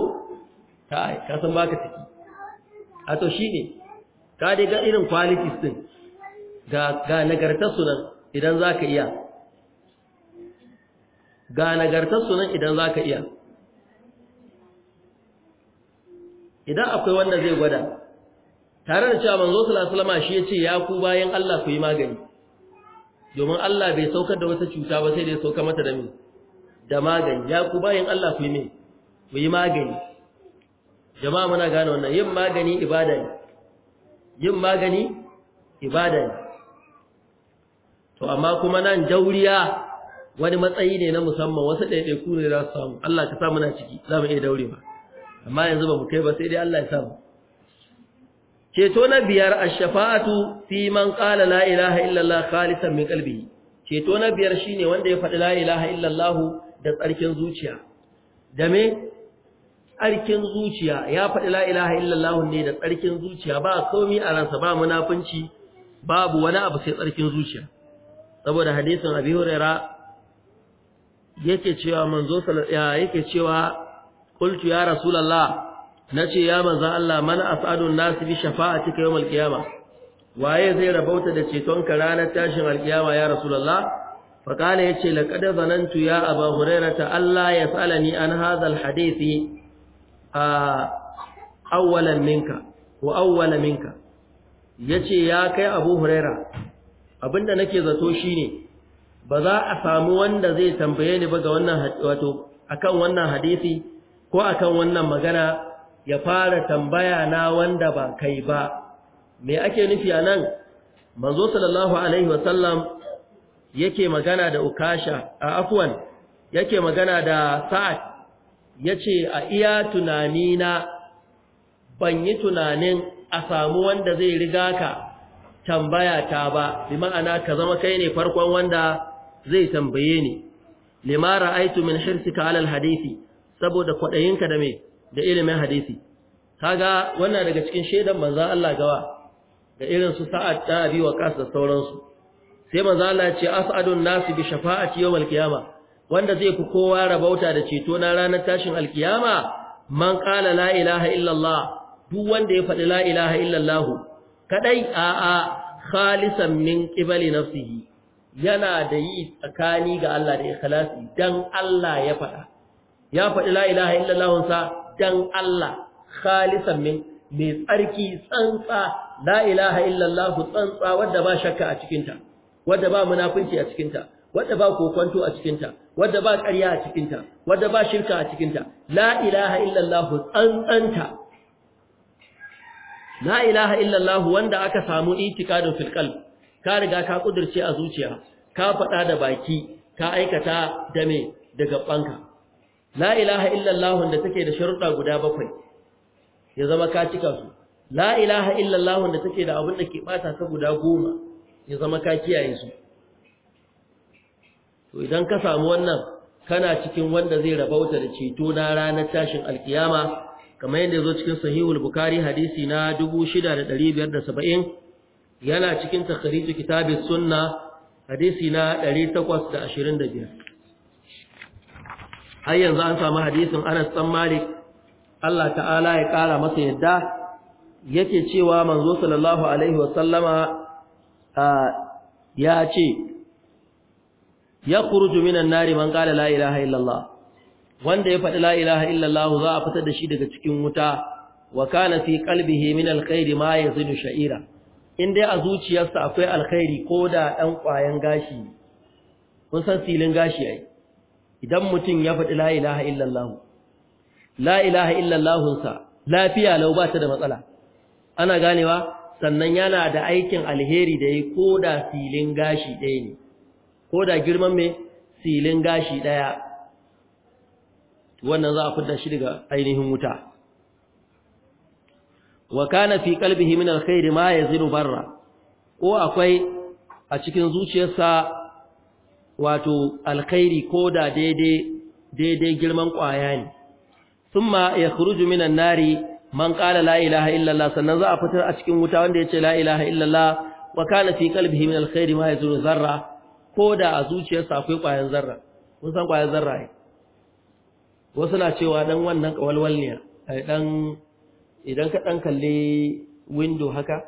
ta ka san baka take a to shi ne ka dai ga irin qualities din ga nagartarsu nan idan za ka iya ga nagartarsu nan idan za ka iya idan akwai wanda zai gwada tare da cewa manzo sallallahu shi ya ce ya ku bayan Allah ku yi magani domin Allah bai saukar da wata cuta ba sai da ya sauka mata da mi da magani ya ku bayan Allah ku yi me ku yi magani jama'a muna gane wannan yin magani ibada ne yin magani ibada ne to amma kuma nan jauriya wani matsayi ne na musamman wasu ɗaiɗaiku ne za su samu Allah ka sa muna ciki za mu iya daure ba amma yanzu ba mu kai ba sai dai Allah ya samu ceto na biyar ash-shafa'atu fi man qala la ilaha illallah khalisan min qalbihi ceto na biyar shine wanda ya faɗi la ilaha illallah da tsarkin zuciya da me tsarkin zuciya ya faɗi la ilaha illallah ne da tsarkin zuciya ba komai a ransa ba munafunci babu wani abu sai tsarkin zuciya saboda hadisin abi huraira yake cewa manzo yake cewa qultu ya rasulullah nace ya manzo Allah man as'adun nas bi shafa'atika yawm al-qiyamah waye zai rabauta da ceton ka ranar tashin al-qiyama ya rasulullah فقال يتي لقد ظننت يا ta allah ya salani an hadal hadisi awwalan minka wa awwala minka yace ya kai Abu Huraira abinda nake zato shine ba za a samu wanda zai tambaye ni ba ga wannan wato akan wannan hadisi ko akan wannan magana ya fara tambaya na wanda ba kai ba me ake nufi anan manzo sallallahu alaihi wasallam yake magana da Ukasha a afwan yake magana da Sa'ad ya ce a iya tunanina ban yi tunanin a samu wanda zai riga ka tambaya ta ba bi ma'ana ka zama kai ne farkon wanda zai tambaye ni limara aitu min hirsika alal hadisi saboda kwadayinka da me da ilimin hadisi kaga wannan daga cikin shedan manza Allah gawa da irin su sa'ad ta bi wa kasa da sauransu sai manza Allah ya ce as'adun nasi bi shafa'ati yawmal qiyamah wanda zai fi kowa rabauta da ceto na ranar tashin alkiyama man qala la ilaha illallah duk wanda ya faɗi la ilaha illallah kadai a a khalisan min qibali nafsihi yana da yi tsakani ga Allah da ikhlasi dan Allah ya faɗa ya faɗi la ilaha illallah sa dan Allah khalisan min mai tsarki tsantsa la ilaha illallah tsantsa wanda ba shakka a cikinta wanda ba munafunci a cikinta wadda ba kokonto a cikinta wadda ba ƙarya a cikinta wadda ba shirka a cikinta la ilaha illallah tsantsanta la ilaha illallah wanda aka samu itikadin fil qalb ka riga ka kudirce a zuciya ka faɗa da baki ka aikata da me da gabbanka la ilaha illallah da take da sharuɗa guda bakwai ya zama ka cika su la ilaha illallah da take da abin da ke bata ta guda goma ya zama ka kiyaye su to idan ka samu wannan kana cikin wanda zai rabauta da ceto na ranar tashin alkiyama kamar yadda zo cikin sahihul bukari hadisi na 6570 yana cikin takhrij kitabis sunna hadisi na 825 har yanzu an samu hadisin Anas dan Malik Allah ta'ala ya kara masa yadda yake cewa manzo sallallahu alaihi wasallama ya ce yakhruju minan nari man qala la ilaha illallah wanda ya faɗi la ilaha illallah za a fitar da shi daga cikin wuta wa kana fi qalbihi min alkhairi ma yazinu sha'ira in dai a zuciyarsa akwai alkhairi ko da dan kwayan gashi kun san silin gashi ai idan mutum ya faɗi la ilaha illallah la ilaha illallah sa lafiya lau ba ta da matsala ana ganewa sannan yana da aikin alheri da yi ko da filin gashi ɗaya ne ko da girman mai silin gashi ɗaya wannan za a fidda shi daga ainihin wuta wa kana fi qalbihi min alkhairi ma yazilu barra ko akwai a cikin zuciyarsa wato alkhairi ko da daidai daidai girman ƙwaya ne thumma yakhruju minan nari man qala la ilaha illallah sannan za a fitar a cikin wuta wanda yace la ilaha illallah wa kana fi qalbihi min alkhairi ma yazilu zarra ko da a zuciyarsa akwai ƙwayan zarra kun san ƙwayan zarra ne wasu na cewa dan wannan kawalwalniya dan idan ka dan kalli window haka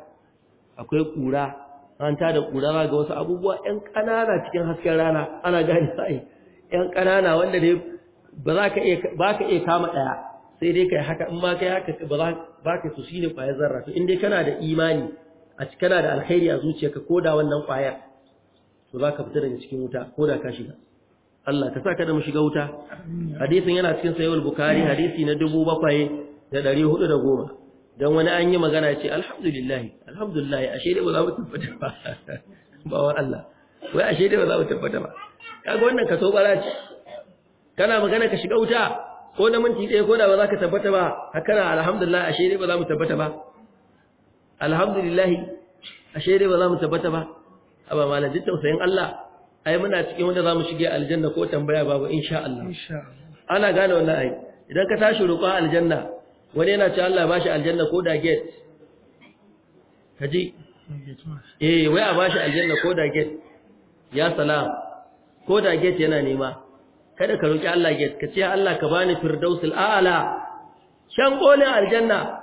akwai kura an ta da kura ga wasu abubuwa ɗan ƙanana cikin hasken rana ana gani sai ɗan ƙanana wanda dai ba za ka iya ba ka iya kama ɗaya sai dai kai haka in ma kai haka ba za ba ka su shine ƙwayar zarra to in dai kana da imani a cikin kana da alkhairi a zuciyarka ko da wannan ƙwayar to za ka fita daga cikin wuta ko da ka shiga Allah ka sa ka da mu shiga wuta hadisin yana cikin sahihul bukhari hadisi na 7410 dan wani an yi magana ce alhamdulillah alhamdulillah ashe dai ba za mu tabbata ba ba wa Allah wai ashe dai ba za mu tabbata ba kaga wannan ka so bara ce kana magana ka shiga wuta ko na minti ɗaya ko da ba za ka tabbata ba Hakana, alhamdulillah ashe dai ba za mu tabbata ba alhamdulillah ashe dai ba za mu tabbata ba aba malam tausayin Allah ai muna cikin wanda zamu shige aljanna ko tambaya babu insha Allah ana gane wannan ai idan ka tashi roƙon aljanna wani yana cewa Allah bashi aljanna ko da gate kaji eh wai a bashi aljanna ko da gate ya salam ko da gate yana nema kada ka roki Allah gate ka ce Allah ka bani firdausul a'la shan kolin aljanna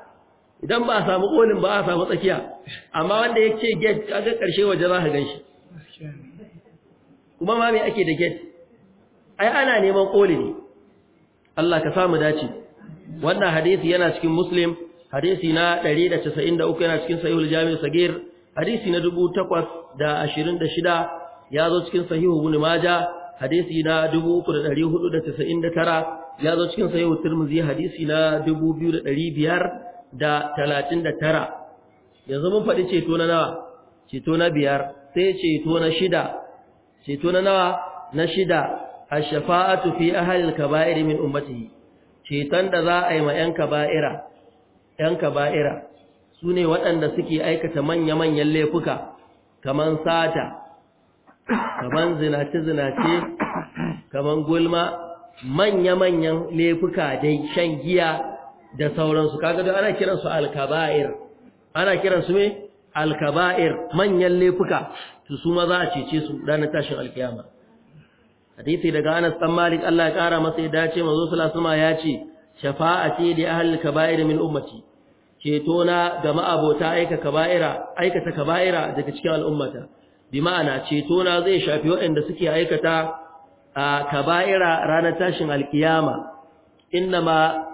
idan ba a samu ƙolin ba a samu tsakiya amma wanda ya ce gate kaga ƙarshe waje za a gan shi kuma ma me ake da get? ai ana neman ƙoli ne Allah ka samu dace wannan hadisi yana cikin muslim hadisi na 193 yana cikin sahihul jami' sagir hadisi na 826 ya zo cikin sahihu ibn maja hadisi na 3499 ya zo cikin sahihu tirmidhi hadisi na 2500 da talatin da tara yanzu mun faɗi ceto na nawa ceto na biyar sai ceto na shida ceto na nawa na shida a shafaatu fi ahli al-kaba'ir min ummatihi ceton da za a yi ma yan kaba'ira yan kaba'ira sune waɗanda suke aikata manya-manyan laifuka kaman sata kaman zinace-zinace kaman gulma manya-manyan laifuka dai shan giya da sauransu kaga duk ana kiransu alkaba'ir ana kiransu me alkaba'ir manyan laifuka to su ma za a cece su ranar tashin alkiyama hadisi daga Anas dan Malik Allah ya kara masa ya dace manzo sallallahu alaihi ya ce shafa'ati li ahli kaba'ir min ummati ceto na ga ma'abota aika kaba'ira aikata kaba'ira daga cikin al'ummata bi ma'ana ceto na zai shafi waɗanda suke aikata kaba'ira ranar tashin alkiyama innama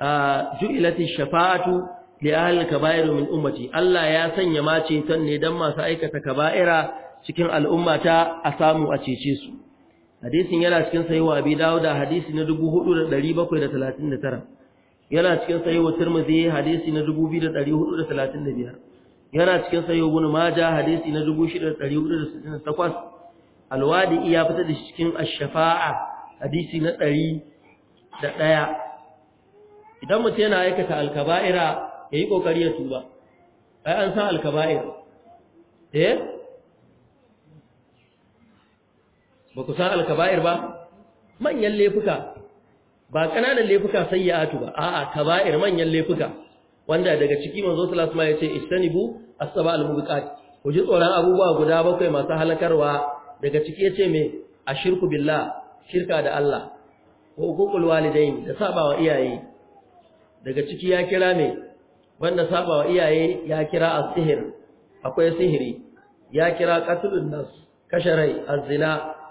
ju'ilati shafa'atu li ahli kaba'ir min ummati Allah ya sanya mace tan ne dan masu aikata kaba'ira cikin al'ummata a samu a cece su hadisin yana cikin sahihu abi dauda hadisi na 4739 yana cikin sahihu tirmidhi hadisi na 2435 yana cikin sahihu ibn majah hadisi na 6468 alwadi ya fitar da shi cikin ash-shafa'a hadisi na 101 idan mutum yana aikata alkaba'ira ya yi ƙoƙari ya tuba ai an san alkaba'ir eh ba ku san alkaba'ir ba manyan laifuka ba ƙananan laifuka sayyi'atu ba a'a kaba'ir manyan laifuka wanda daga ciki manzo sallallahu alaihi wasallam ya ce istanibu as-saba al-mubiqat ku ji tsoron abubuwa guda bakwai masu halakarwa daga ciki ya ce me ashirku billah shirka da Allah ko uququl walidain da sabawa iyaye daga ciki ya kira me banda saba wa iyaye ya kira a sihir akwai sihiri ya kira qatlun nas kasharai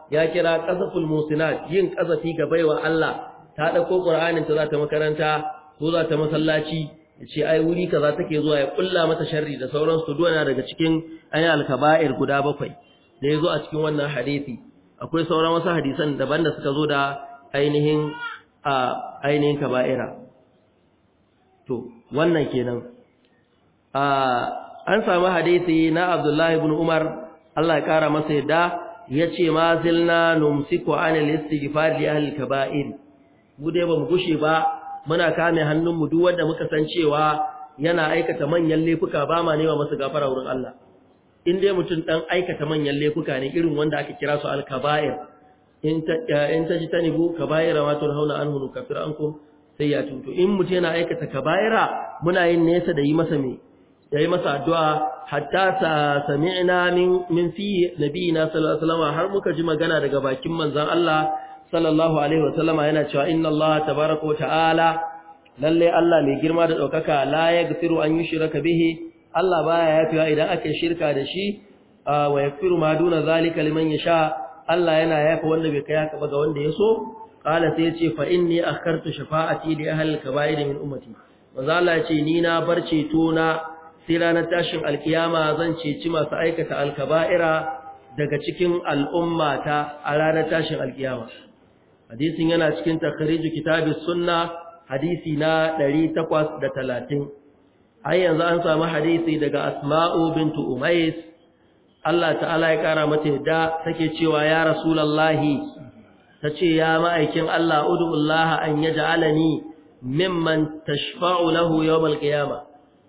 ya kira qazaful musinat yin qazafi ga baiwa Allah ta dauko qur'anin ta za ta makaranta ko za ta masallaci ce ai wuri kaza take zuwa ya kulla mata sharri da sauran sauransu duwana daga cikin ayi alkaba'ir guda bakwai da yazo a cikin wannan hadisi akwai sauran wasu hadisan daban da suka zo da ainihin a ainihin kaba'ira to wannan kenan an samu hadisi na Abdullahi ibn Umar Allah ya kara masa yadda yace ma zilna numsiku anil istighfar li ahli kaba'ir mu dai mu gushe ba muna kame hannunmu duk wanda muka san cewa yana aikata manyan laifuka ba ma nema masa gafara wurin Allah in dai mutum dan aikata manyan laifuka ne irin wanda aka kira su al-kaba'ir in ta in ta ji tanibu kaba'ira ma hauna anhu kafir ankum sai ya cuto in mutum yana aikata kaba'ira muna yin nesa da yi masa me yi masa addu'a hatta sa sami'na min min fi nabiyina sallallahu alaihi har muka ji magana daga bakin manzon Allah sallallahu alaihi wasallam yana cewa inna Allah tabaraka wa ta'ala lalle Allah mai girma da daukaka la yaghfiru an yi yushraka bihi Allah baya yafiwa idan ake shirka da shi ah, wa yaghfiru ma duna zalika liman yasha Allah yana yafa wanda bai kai haka ba ga wanda ya so qala sai yace fa inni karta shafa'ati li ahli al-kaba'ir min ummati manzo Allah yace ni na bar ceto na sai ranar tashin alkiyama zan ceci masu aikata al-kaba'ira daga cikin al'umma ta a ranar tashin alkiyama hadisin yana cikin takhriju kitabi sunna hadisi na ɗari takwas da talatin. har yanzu an samu hadisi daga asma'u bintu umais Allah ta'ala ya kara mata yadda take cewa ya rasulullahi Ta ce ya ma'aikin Allah ud'ullaha an yaj'alani mimman tashfa'u lahu yawmal qiyamah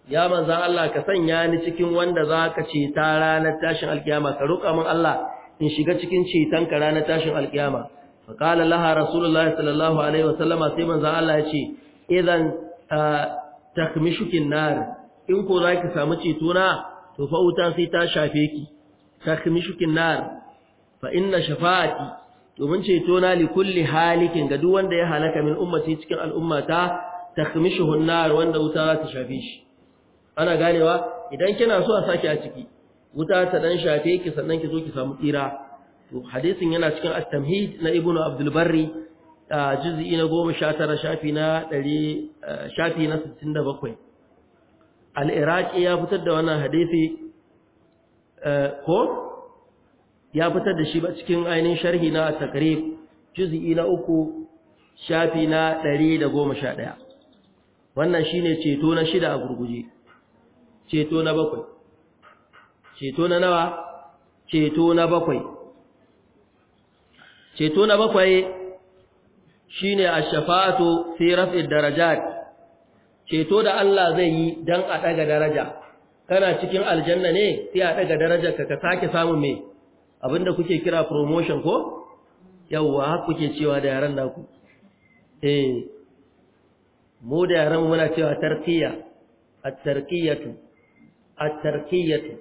ya manzan Allah ka sanya ni cikin wanda za ka ceta ranar tashin alkiyama ka roƙa min Allah in shiga cikin cetonka ranar tashin alkiyama fa qala laha rasulullahi sallallahu alaihi wasallam sai manzan Allah ya ce idan takmishukin nar in ko za ki samu cetona to fa wuta sai ta shafe ki takmishukin nar fa inna shafa'ati domin ceto na li kulli halikin ga duk wanda ya halaka min ummati cikin al'ummata takhmishuhu nar wanda wuta za ta shafe shi ana ganewa idan kina so a saki a ciki wuta ta dan shafe ki sannan ki zo ki samu tsira to hadisin yana cikin at-tamhid na ibnu abdul barri juz'i na 19 shafi na 100 shafi na 67 al-iraqi ya fitar da wannan hadisi ko ya fitar da shi ba cikin ainihin sharhi na takrib juz'i na uku shafi na 111 wannan shine ceto na shida a gurguje ceto na bakwai ceto na nawa ceto na bakwai ceto na bakwai shine ash-shafa'atu fi raf'id darajat ceto da Allah zai yi dan a daga daraja kana cikin aljanna ne sai a daga daraja ka sake samun me abinda kuke kira promotion ko yawwa haka kuke cewa da yaran naku eh mu da yaran muna cewa tarqiya at-tarqiyatu at-tarqiyatu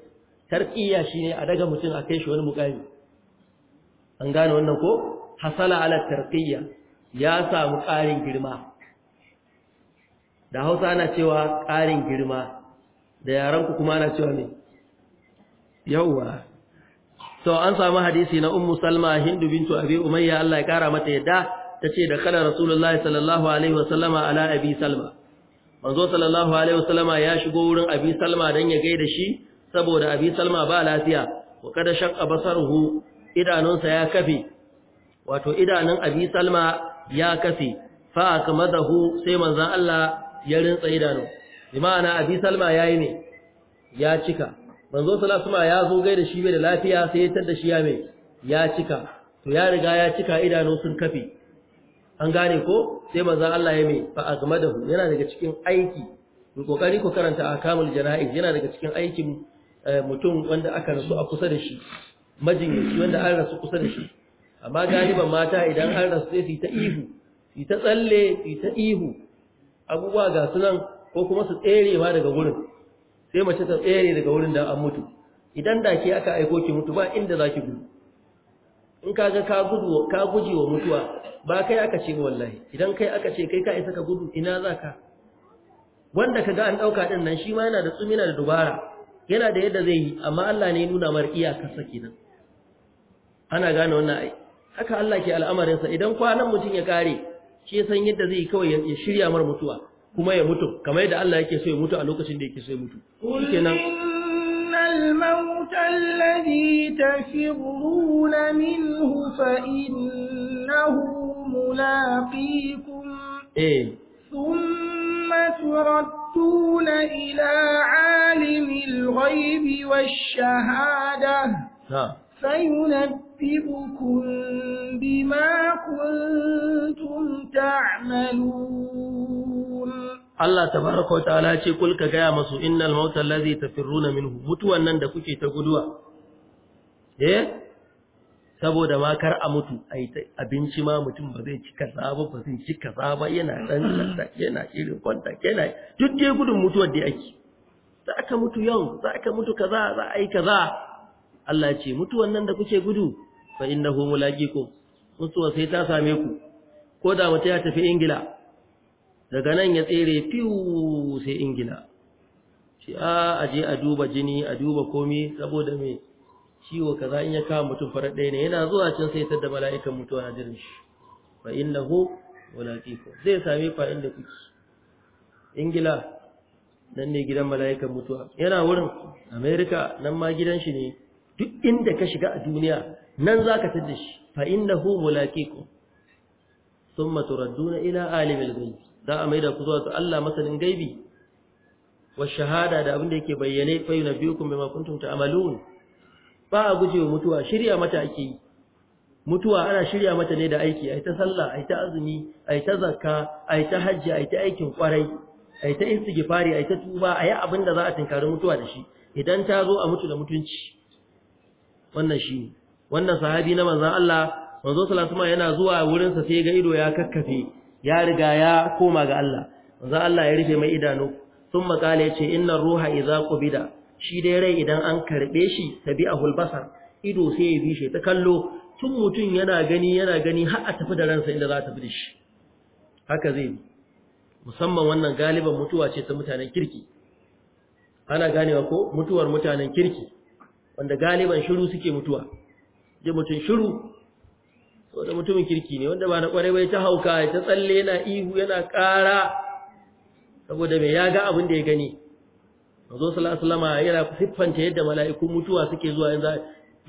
tarqiya shine a daga mutum a kai shi wani mukami an gane wannan ko hasala ala tarqiya ya samu ƙarin girma da Hausa ana cewa ƙarin girma da yaran ku kuma ana cewa ne yawwa to an samu hadisi na ummu salma hindu bintu abi umayya Allah ya kara mata yadda tace da kana rasulullahi sallallahu alaihi wasallama ala abi salma manzo sallallahu alaihi wasallama ya shigo wurin abi salma dan ya gaida shi saboda abi salma ba lafiya wa kada shaqqa basaruhu idanunsa ya kafi, wato idanun abi salma ya kafi fa akmadahu sai manzon Allah ya rintsa idanu bi ma'ana abi salma yayi ne ya cika manzo sallallahu alaihi ya zo gaida shi bai da lafiya sai ya tada shi ya mai ya cika to ya riga ya cika idanu sun kafe an gane ko sai manzo Allah ya mai fa azmadahu yana daga cikin aiki kokari ko karanta akamul janaiz yana daga cikin aikin eh, mutum wanda aka rasu a kusa da shi majinyaci wanda an rasu kusa da shi amma galiban mata idan an rasu sai su ta ihu su ta tsalle su ta ihu abubuwa ga sunan ko kuma su tserewa daga gurin sai mace ta tsere daga wurin da an mutu idan da ke aka aiko ki mutu ba inda za ki gudu in ka ga ka guji wa mutuwa ba kai aka ce wallahi idan kai aka ce kai ka isa ka gudu ina za ka wanda ka ga an ɗauka ɗin nan shi ma yana da tsumina da dubara yana da yadda zai yi amma Allah ne nuna mar iyakarsa kenan ana gane wannan ai haka Allah ke al'amarinsa idan kwanan mutum ya kare shi san yadda zai kawai ya shirya mar mutuwa kuma ya mutu kamar yadda Allah yake so ya mutu a lokacin da yake so ya mutu kenan innal mauta alladhi tafiruna minhu fa innahu mulaqikum eh thumma turattuna ila alimil ghaibi wash-shahada ha فينبئكم بما كنتم تعملون Allah tabaraka wataala ce kul ka gaya masu innal mauta allazi tafirruna minhu mutuwan nan da kuke ta guduwa eh saboda ma kar a mutu ai abinci ma mutum ba zai cika saba ba zai cika saba yana dan yana irin kwanta yana duk dai gudun mutuwar da yake za ka mutu yau za ka mutu kaza za a yi kaza Allah ce mutuwan nan da kuke gudu fa innahu mulaqikum mutuwa sai ta same ku ko da mutum ya tafi Ingila daga nan ya tsere fiwu sai ingila shi a aje a duba jini a duba komi saboda mai ciwo kaza in ya kama mutum farar ɗaya ne yana zuwa can sai da mala'ikan mutuwa na jirin shi fa innahu walaqiku zai same fa'in inda kuke ingila nan ne gidan mala'ikan mutuwa yana wurin america nan ma gidan shi ne duk inda ka shiga a duniya nan zaka tada shi fa innahu walaqiku thumma turadduna ina alimil ghaib za a maida ku zuwa ga Allah masanin gaibi wa shahada da abin da yake bayyane fa yunabbiukum bima kuntum ta'malun ba a wa mutuwa shirya mata ake yi mutuwa ana shirya mata ne da aiki ai ta sallah ai ta azumi ai ta zakka ai ta hajji ai ta aikin kwarai ai ta istighfari ai ta tuba ai abin da za a tinkari mutuwa da shi idan ta zo a mutu da mutunci wannan shi wannan sahabi na manzon Allah manzon sallallahu alaihi wasallam yana zuwa wurin sa sai ga ido ya kakkafe ya riga ya koma ga Allah manzo Allah ya rufe mai idanu sun makala yace innar ruha idza qubida shi dai rai idan an karbe shi ahul basar ido sai ya bishe ta kallo tun mutun yana gani yana gani har a tafi da ransa inda za ta fi shi haka zai musamman wannan galiban mutuwa ce ta mutanen kirki ana ganewa ko mutuwar mutanen kirki wanda galiban shiru suke mutuwa je mutun shiru wanda mutumin kirki ne wanda ba na kware bai ta hauka ta tsalle yana ihu yana ƙara saboda mai ya ga abin da ya gani mazo salasalama yana siffanta yadda mala'ikun mutuwa suke zuwa yanzu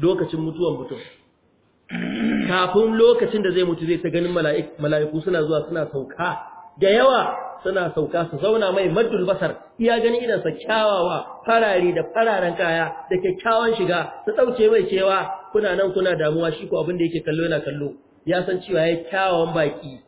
lokacin mutuwan mutum kafin lokacin da zai mutu zai ta ganin mala'iku suna zuwa suna sauka da yawa suna sauka su zauna mai maddul basar iya gani idansa kyawawa farare da fararen kaya da kyakkyawan shiga su ɗauke mai cewa kuna nan kuna damuwa shi ko abin da yake kallo yana kallo ya san cewa ya kyawawan baki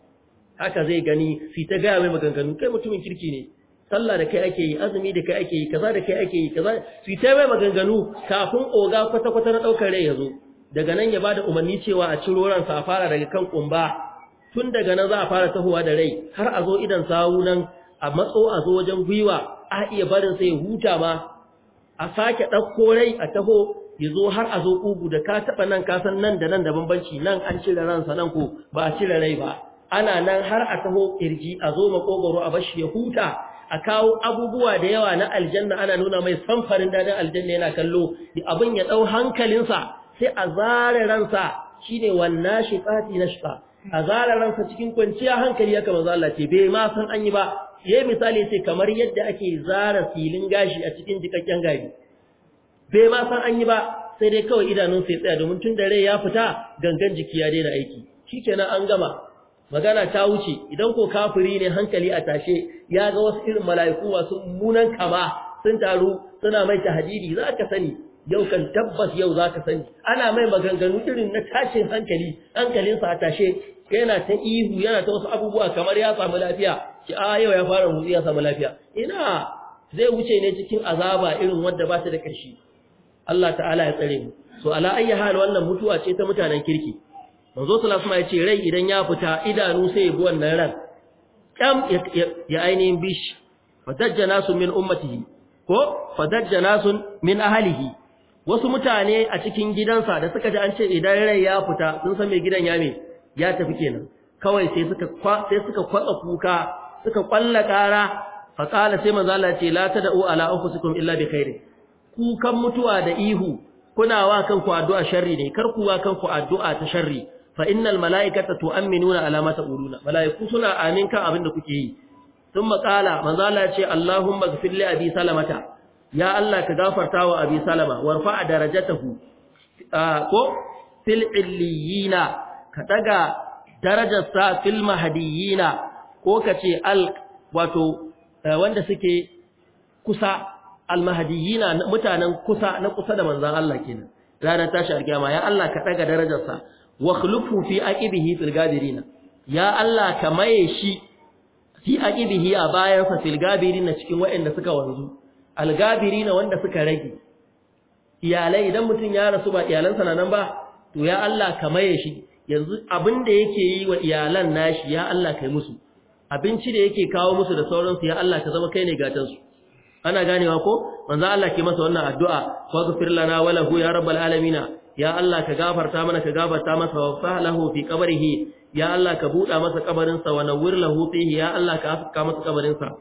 haka zai gani su ta gaya mai maganganu kai mutumin kirki ne sallah da kai ake yi azumi da kai ake yi kaza da kai ake yi kaza su ta mai maganganu kafin oga kwata-kwata na ɗaukar rai ya zo daga nan ya bada umarni cewa a ciro ransa a fara daga kan kumba tun daga nan za a fara tahowa da rai har a zo idan sawu nan a matso a zo wajen gwiwa a iya barin sai huta ma a sake ɗauko rai a taho ya zo har a zo ƙugu da ka taɓa nan ka san nan da nan da bambanci nan an cire ransa nan ko ba a cire rai ba ana nan har a taho ƙirji a zo makogoro a bashi ya huta a kawo abubuwa da yawa na aljanna ana nuna mai samfarin dadin aljanna yana kallo da abin ya ɗau hankalinsa sai a zare ransa shine wannan shiƙati na shi a ransa cikin kwanciya hankali ya kama Allah ce bai ma san an yi ba yayi misali ce kamar yadda ake zara filin gashi a cikin jikakken gari bai ma san an yi ba sai dai kawai idanun sai tsaya domin tun da rai ya fita gangan jiki ya daina aiki shikenan an gama magana ta wuce idan ko kafiri ne hankali a tashe ya ga wasu irin mala'iku wasu munan kama sun taru suna mai hadidi za ka sani yau kan tabbas yau za ka sani ana mai maganganu irin na tashin hankali hankalinsa a tashe yana ta ihu yana ta wasu abubuwa kamar ya samu lafiya ki a ah, yau ya fara motsi ya samu lafiya ina zai wuce ne cikin azaba irin wanda ba ta da ƙarshe Allah ta'ala ya tsare mu so ala ayi hal wannan mutuwa ce ta mutanen kirki manzo sallallahu alaihi wasallam ya ce rai idan ya fita idanu sai ya wannan ran kam ya ainihin bish fadajja nasu min ummatihi ko fadajja nasu min ahlihi wasu mutane a cikin gidansa da suka ji an ce idan rai ya fita sun san me gidan ya me ya tafi kenan kawai sai suka sai suka kwatsa kuka suka kwalla kara fa qala sai manzo Allah ce la tad'u ala anfusikum illa bi khair kukan mutuwa da ihu kuna wa kanku addu'a sharri ne kar ku wa kanku addu'a ta sharri fa innal malaikata tu'minuna ala ma taquluna malaiku suna amin kan abin da kuke yi thumma qala manzo Allah ce Allahumma ighfir li abi salamata ya Allah ka gafarta wa abi salama warfa darajatahu ko fil illiyina ka daga darajarsa fil mahdiyina ko kace al wato eh, wanda suke kusa al mahdiyina mutanen kusa na kusa da manzon Allah kenan ranar tashi alkiyama ya Allah ka daga darajarsa wa khulufu fi aqibihi fil gadirina ya Allah ka maye shi fi aqibihi a bayan sa fil gadirina cikin waɗanda suka wanzu al gadirina wanda suka rage iyalai idan mutum ya rasu ba iyalansa na nan ba to ya Allah ka maye shi yanzu abin da yake yi wa iyalan nashi ya Allah kai musu abinci da yake kawo musu da sauransu ya Allah ka zama kai ne gatansu ana ganewa ko manzo Allah ke masa wannan addu'a faghfir lana wa lahu ya rabbal alamin ya Allah ka gafarta mana ka gafarta masa wa sahlahu fi qabrihi ya Allah ka buda masa kabarin sa wa nawwir lahu fihi ya Allah ka afka masa kabarin sa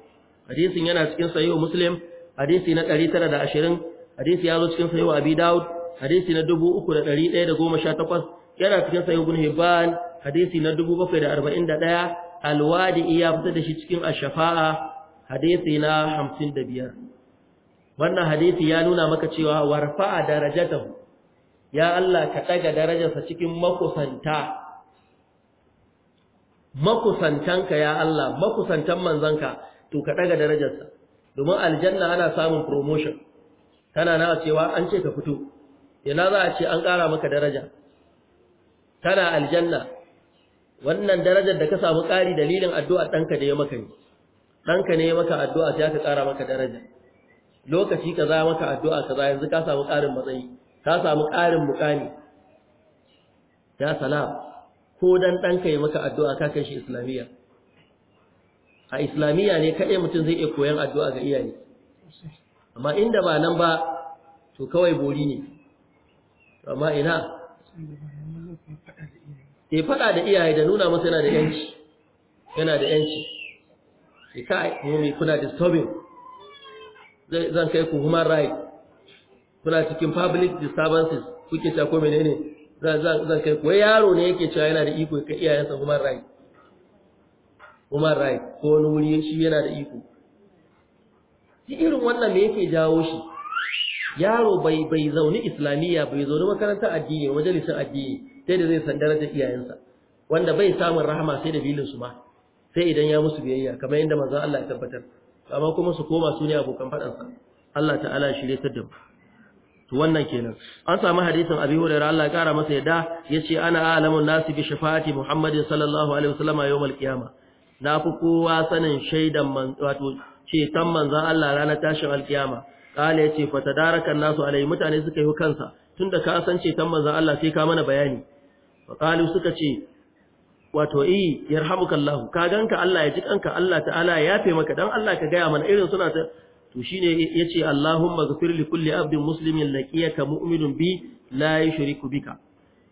hadisin yana cikin sahih muslim hadisi na 920 hadisi ya zo cikin sahih abi daud hadisi na 3118 yana cikin sahih ibn hibban hadisi na 741 alwadi ya fita da shi cikin ash-shafa'a hadisi na 55 wannan hadisi ya nuna maka cewa warfa'a darajatahu ya Allah ka daga darajarsa cikin makusanta makusantanka ya Allah makusantan manzanka to ka daga darajarsa domin aljanna ana samun promotion tana na cewa an ce ka fito yana za a ce an ƙara maka daraja kana aljanna wannan darajar da ka samu ƙari dalilin addu'a ɗanka da ya maka ne ɗanka ne ya maka addu'a sai aka ƙara maka daraja lokaci ka za maka addu'a ka za yanzu ka samu ƙarin matsayi ka samu ƙarin muƙami ya salam ko dan ɗanka ya maka addu'a ka kai shi islamiyya a islamiyya ne kaɗai mutum zai iya koyan addu'a ga iyaye amma inda ba nan ba to kawai bori ne amma ina ya faɗa da iyaye da nuna masa yana da yanci yana da yanci ya kai mummi kuna disturbing zan kai ku human right kuna cikin public disturbances kuke cewa ko menene zan kai ku yaro ne yake cewa yana da iko ka iyayensa human right human right ko wani wuri shi yana da iko shi irin wannan me yake jawo shi yaro bai bai zauni islamiyya bai zauni makarantar addini majalisar addini sai da zai san darajar iyayensa wanda bai samun rahama sai da bilin su ma sai idan ya musu biyayya kamar yadda manzon Allah ya tabbatar amma kuma su koma su ne abokan sa Allah ta'ala shirye ta da to wannan kenan an samu hadisin Abi Hurairah Allah ya kara masa yadda yace ana alamun nasi bi shafaati Muhammadin sallallahu alaihi wasallam yawmal na fi kowa sanin shaidan man wato ceton manzon Allah ranar tashin alkiyama kala yace fa tadarakan nasu alai mutane suka yi kansa tunda ka san ce ceton manzon Allah sai ka mana bayani faqalu suka ce wato eh yarhamukallahu ka ganka Allah ya ji kanka Allah ta'ala ya yafe maka dan Allah ka gaya mana irin suna ta to shine yace Allahumma ghfir li kulli abdin muslimin laqiyaka mu'minun bi la yushriku bika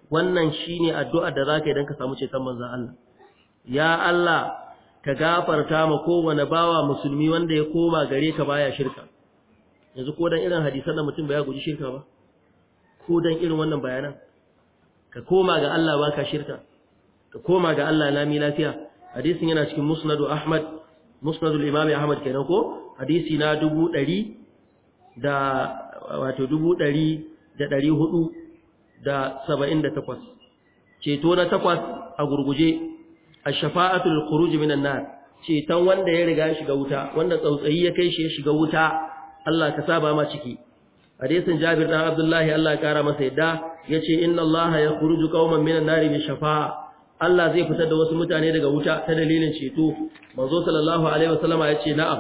wannan shine addu'a da zaka yi dan ka samu ceton manzan Allah ya Allah ka gafarta ma kowane bawa musulmi wanda ya koma gare ka baya shirka yanzu ko dan irin hadisan da mutum baya guji shirka ba ko dan irin wannan bayanan ka koma ga Allah baka shirka ka koma ga Allah lami lafiya hadisin yana cikin musnadu ahmad musnadu imam ahmad kenan ko hadisi na dubu da wato dubu da ɗari da saba'in da takwas ceto na takwas a gurguje a shafa'atul khuruj minan nar ceton wanda ya riga shiga wuta wanda tsautsayi ya kai shi ya shiga wuta Allah ka saba ma ciki hadisin Jabir dan Abdullahi Allah ya kara masa yadda yace inna allaha yakhruju qauman minan nari bi shafa'a Allah zai fitar da wasu mutane daga wuta ta dalilin ceto manzo sallallahu alaihi wasallama yace na'am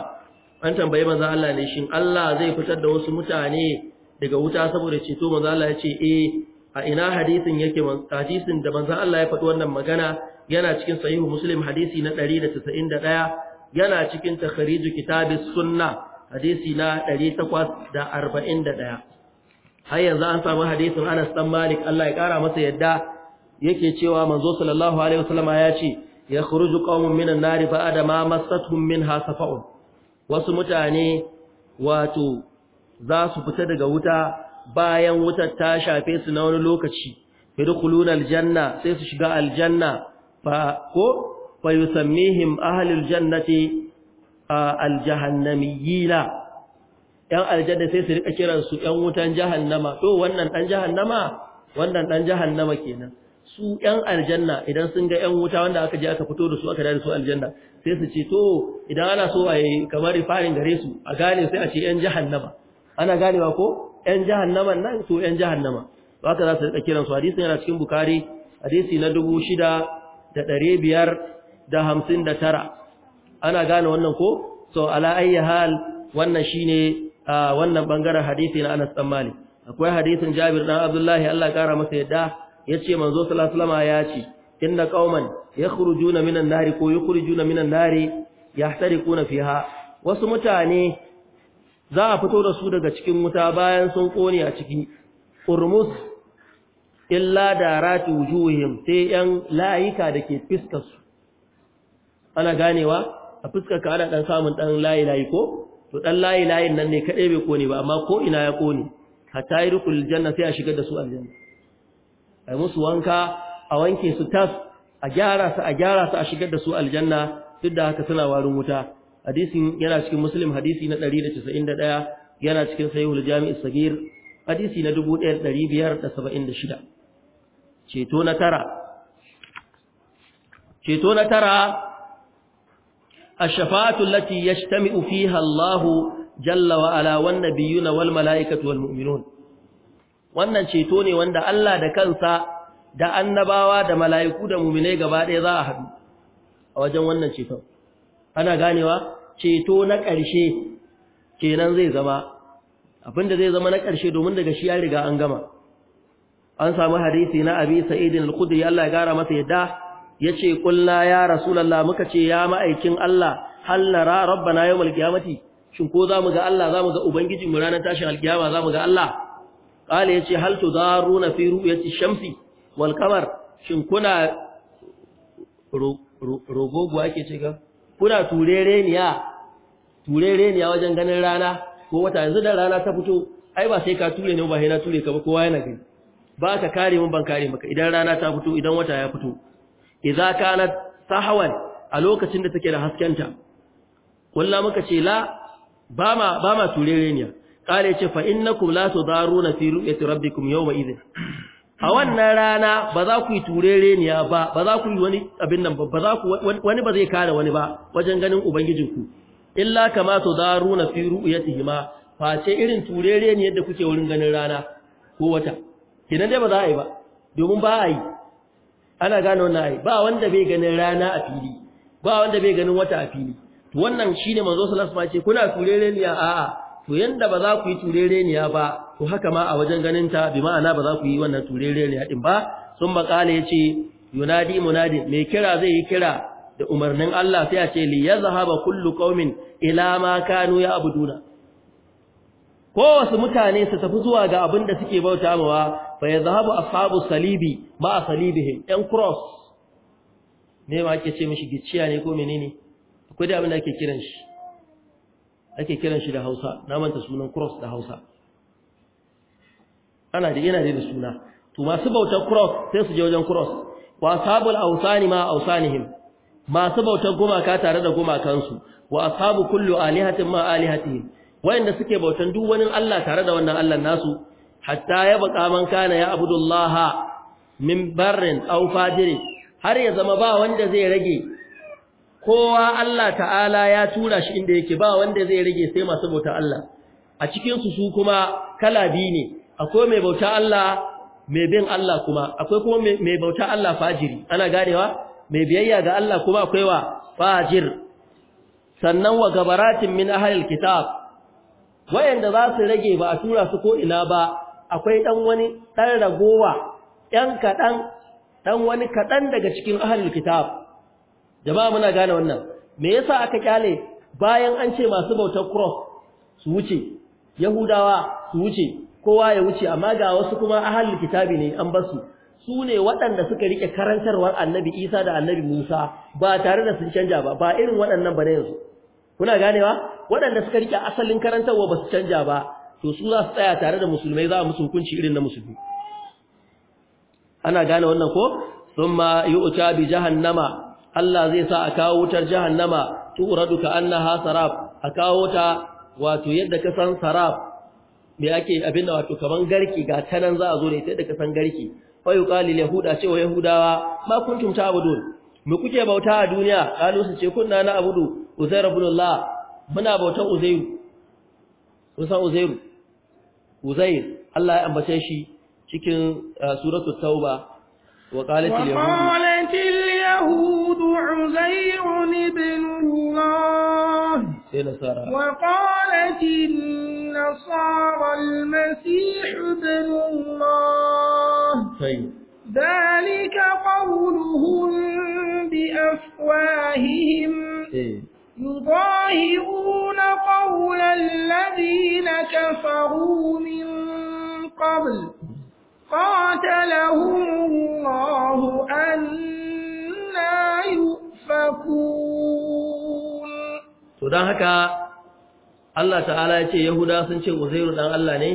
an tambaye manzo Allah ne shin Allah zai fitar da wasu mutane daga wuta saboda ceto manzo Allah yace eh a ina hadisin yake hadisin da manzo Allah ya faɗi wannan magana yana cikin sahihu muslim hadisi na 191 yana cikin takhrij kitabis sunna hadisi na 841 har yanzu an samu hadisin Anas dan Malik Allah ya kara masa yadda yake cewa manzo sallallahu alaihi wasallam ya ce khuruju qaumun minan nar fa adama masatuhum minha safa'un wasu mutane wato za su fita daga wuta bayan wutar ta shafe su na wani lokaci fi yadkhuluna aljanna sai su shiga aljanna fa ko fa yusammihim ahlul jannati aljahannamiyina ɗan aljanna sai su rika kiransu ‘yan wutan jahannama, to wannan ɗan jahannama, wannan ɗan jahannama kenan. Su ‘yan aljanna idan sun ga ‘yan wuta wanda aka je aka fito da su aka dare su aljanna, sai su ce, to idan ana so a yi kamar rifarin gare su, a gane sai a ce ‘yan jahannama. Ana ganewa ko? ‘yan jahannama nan to ‘yan jahannama. To haka za su rika kiransu, hadisi yana cikin Bukari, hadisi na dubu shida da ɗari biyar da hamsin da tara. Ana gane wannan ko? So ala ayyi hal wannan shine a wannan bangaren hadisi na Anas dan Malik akwai hadisin Jabir dan Abdullahi Allah kara masa yadda yace manzo sallallahu alaihi wasallam ya ce inna qauman yakhrujuna minan nar ko yukhrijuna minan nar yahtariquna fiha wasu mutane za a fito da su daga cikin wuta bayan sun kone a ciki urmus illa darati wujuhum sai yan layika dake fiskar su ana ganewa a fuskar ka ana dan samun dan layi layi ko to dan layi layin nan ne kadai bai kone ba amma ko ina ya kone hatta yirkul janna sai a shigar da su aljanna ai musu wanka a wanke su tas a gyara su a gyara su a shigar da su aljanna duk da haka suna warin wuta hadisin yana cikin muslim hadisi na 191 yana cikin sahihul jami'is sagir hadisi na 1576 ceto na tara ceto na tara الشفاعة التي يجتمع فيها الله جل وعلا والنبيون والملائكة والمؤمنون wannan ceto ne wanda Allah da kansa da annabawa da mala'iku da mu'minai gaba ɗaya za a haɗu a wajen wannan ceton ana ganewa ceto na ƙarshe kenan zai zama abinda zai zama na ƙarshe domin daga shi ya riga an gama an samu hadisi na abi sa'idin al-khudri Allah ya gara masa yadda Ya ce ƙulla ya rasulallah muka ce ya ma'aikin Allah hallara nara rabbana yau qiyamati shin ko za mu ga Allah za mu ga ubangiji mu ranar tashin alkiyama mu ga Allah qala yace hal runa fi ru'yati shamsi wal qamar shin kuna rogogo ake ce ga kuna turere turereniya wajen ganin rana ko wata yanzu da rana ta fito ai ba sai ka ture ne ba sai na ture ka ba kowa yana gani ba ka kare mun ban kare maka idan rana ta fito idan wata ya fito idza kanat sahwan a lokacin da take da haskenta kullu muka ce la ba ma ba ma turereniya kare ce fa innakum la tudaruna fi ru'yati rabbikum yawma idhin a wannan rana ba za ku yi turereniya ba ba za ku yi wani abin nan ba za ku wani ba zai kare wani ba wajen ganin ubangijinku illa kama tudaruna fi ru'yatihima ce irin turereniyar da kuke wurin ganin rana ko wata kinan dai ba za a yi ba domin ba a yi ana gano na ai ba wanda bai ganin rana a fili ba wanda bai ganin wata a fili to wannan shine manzo sallallahu alaihi ce kuna turereniya a'a to yanda ba za ku yi turereniya ba to haka ma a wajen ganin ta bi ma'ana ba za ku yi wannan turereniya din ba sun makala ce yunadi munadi me kira zai yi kira da umarnin Allah sai a ce li yazhaba kullu qaumin ila ma kanu ya abuduna wasu mutane su tafi zuwa ga abin da suke bauta mawa fa zahabu ashabu salibi ma salibihim yan cross me ma ake ce mishi gicciya ne ko menene akwai da abin da ake kiran shi ake kiran shi da Hausa na manta sunan cross da Hausa ana da yana da suna to masu bautar cross sai su je wajen cross wa ashabul awsani ma awsanihim masu bautar gumaka tare da gumakansu wa ashabu kullu alihatin ma alihatihim wayanda suke bautan duk wani Allah tare da wannan Allah nasu hatta ya baka man kana ya abudullaha min barrin aw fajirin har ya zama ba wanda zai rage kowa Allah ta'ala ya tura shi inda yake ba wanda zai rage sai masu bauta Allah a cikin su su kuma kala biyu ne akwai mai bauta Allah mai bin Allah kuma akwai kuma mai bauta Allah fajiri ana ganewa mai biyayya ga Allah kuma akwai wa fajir sannan wa gabaratin min ahlil kitab wayanda za su rage ba a tura su ko ina ba akwai ɗan wani ɗan ragowa ‘yan kaɗan ɗan wani kaɗan daga cikin ahalin kitab jama'a muna gane wannan me yasa aka kyale bayan an ce masu bautar cross su wuce yahudawa su wuce kowa ya wuce amma ga wasu kuma ahalin kitabi ne an basu su ne waɗanda suka rike karantarwar annabi isa da annabi musa ba tare da sun canja ba ba irin waɗannan ba ne yanzu kuna ganewa waɗanda suka rike asalin karantarwa ba su canja ba to su za su tsaya tare da musulmai za a musu hukunci irin na musulmi ana gane wannan ko thumma yu'ta bi jahannama Allah zai sa a kawo wutar jahannama radu ka annaha sarraf a kawo ta wato yadda ka san sarraf. me ake abinda wato kaman garki ga tanan za a zo da ita da ka san garki fa yuqali yahuda cewa yahudawa ma kuntum ta'budun mu kuke bauta a duniya kalu su ce kunna na abudu uzairu ibn Allah muna bautar uzairu kun uzairu Uzair Allah ya ambace shi cikin uh, suratu Tauba wa qalat al-yahud Uzair ibn Allah sai nasara wa qalat an-nasara al-masih ibn Allah sai ذلك قولهم بأفواههم يضاهئون قول الذين كفروا من قبل قاتلهم الله أنا يؤفكون تدان هكا الله تعالى يتي يهودا سنشي وزير دان الله ني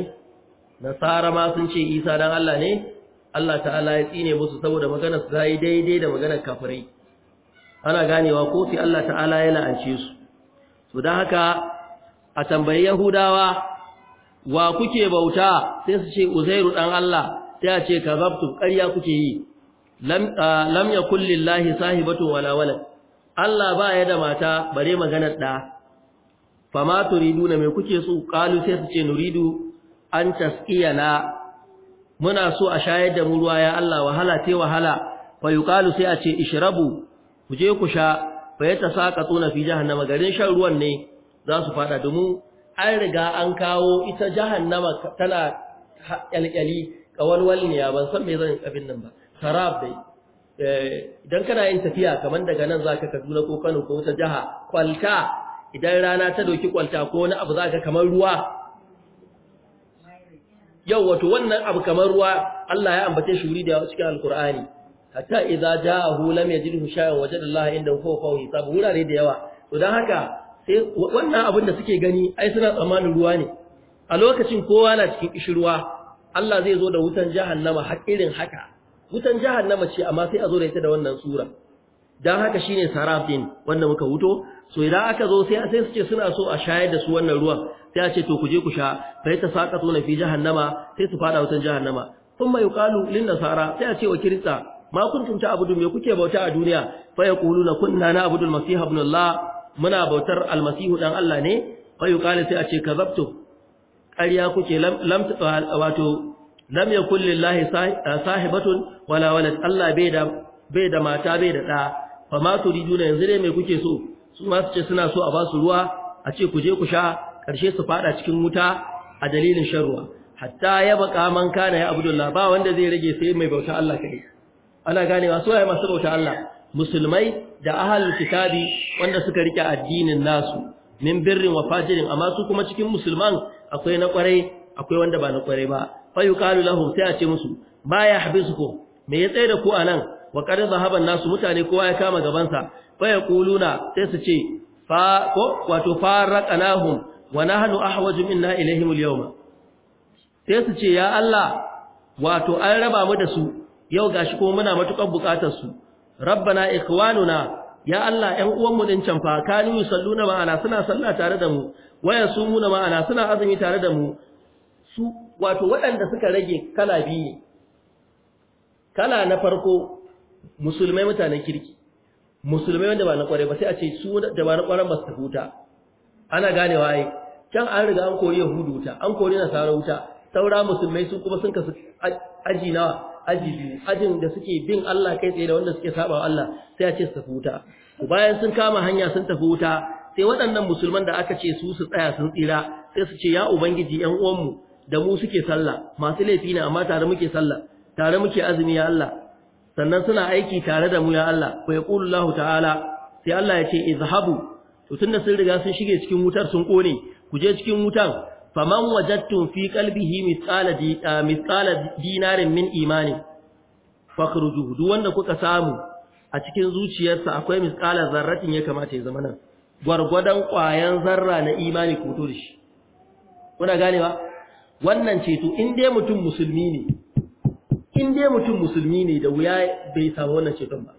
نصارى ما سنشي إيسا دان الله ني الله تعالى ya tsine musu مغانا maganar su ta yi daidai ana ganewa ko sai Allah ta'ala ya la'ance su to dan haka a tambayi yahudawa wa kuke bauta sai su ce uzairu dan Allah sai a ce kazabtu ƙarya kuke yi lam lam yakul lillahi sahibatu wala walad Allah ba ya da mata bare maganar da fama turiduna me kuke so kalu sai su ce nuridu an tasqiyana muna so a shayar da mu ruwa ya Allah wahala te wahala fa yuqalu sai a ce ishrabu ku je ku sha fa ya na fi jahannama garin shan ruwan ne za su fada Dumu an riga an kawo ita jahannama tana kyalkyali kawalwal ne ban san me zan abin nan ba sarab dai eh, idan kana yin tafiya kamar daga nan zaka Kaduna ko Kano ko wata jaha kwalta idan rana ta doki kwalta ko wani abu zaka kamar ruwa yau wato wannan abu kamar ruwa Allah ya ambace shi wuri da cikin alkur'ani hatta idza ja'ahu lam yajidhu shay'an wajada Allah inda huwa fa hisab wurare da yawa to dan haka sai wannan abin da suke gani ai suna tsammanin ruwa ne a lokacin kowa na cikin kishirwa Allah zai zo da wutan jahannama har irin haka wutan jahannama ce amma sai a zo da ita da wannan sura dan haka shine sarafin wanda muka huto so idan aka zo sai sai su ce suna so a shayar da su wannan ruwa sai a ce to ku je ku sha fa ta saqatu na fi jahannama sai su fada wutan jahannama kuma yuqalu lin nasara sai a ce wa kirista ma kuntum ta'budu me kuke bauta a duniya fa yaquluna kunna na'budu al-masih ibn Allah muna bautar al-masih dan Allah ne fa yuqalu sai a ce kazabtu ƙarya kuke lam wato lam yakul lillahi eh, sahibatun wala walad Allah bai da bai da mata bai da da fa ma turiduna yanzu ne me kuke so su ma su ce suna so a ba su ruwa a ce ku je ku sha karshe su fada cikin wuta a dalilin shan ruwa hatta ya baka man kana ya abdullah ba wanda zai rage sai mai bauta Allah kai ana ganewa su waye masu bauta Allah musulmai da ahlul kitabi wanda suka rike addinin nasu min birrin wa fajirin amma su kuma cikin musulman akwai na kwarai akwai wanda ba na kwarai ba fa yuqalu lahum sai a ce musu ma yahbisukum me ya tsere da ku anan wa qad zahaban nasu mutane kowa ya kama gaban sa fa yaquluna sai su ce fa ko wato faraqanahum wa nahnu ahwaju minna ilayhim al-yawma sai su ce ya Allah wato an raba mu da su yau gashi kuma muna matukar bukatar su rabbana ikhwanuna ya Allah uwan uwanmu din can fa kanu yusalluna ma'ana suna sallah tare da mu waya sumuna ma'ana suna azumi tare da mu su wato waɗanda suka rage kala biyu kala na farko musulmai mutanen kirki musulmai wanda ba na kware ba sai a ce su da ba na kwaren ba su huta ana ganewa ai can an riga an kori yahudu wuta an kori nasara wuta saura musulmai su kuma sun kasu aji nawa aji biyu ajin da suke bin Allah kai tsaye da wanda suke saba Allah sai a ce su tafi wuta bayan sun kama hanya sun tafi wuta sai waɗannan musulman da aka ce su su tsaya sun tsira sai su ce ya ubangiji 'yan uwanmu da mu suke sallah masu laifi ne amma tare muke sallah tare muke azumi ya Allah sannan suna aiki tare da mu ya Allah fa yaqulu Allah ta'ala sai Allah ya ce izhabu to tunda sun riga sun shige cikin wutar sun kone ku je cikin wutar فمن wajadtum fi قلبه مثقال مثقال dinarin min ايمان فخرجوه duk wanda kuka samu a cikin zuciyarsa akwai mithqala zarratin ya kamata ya zama nan gwargwadon ƙwayan zarra na imani ku to da shi kuna ba? wannan ceto in dai mutum musulmi ne in dai mutum musulmi ne da wuya bai samu wannan ceton ba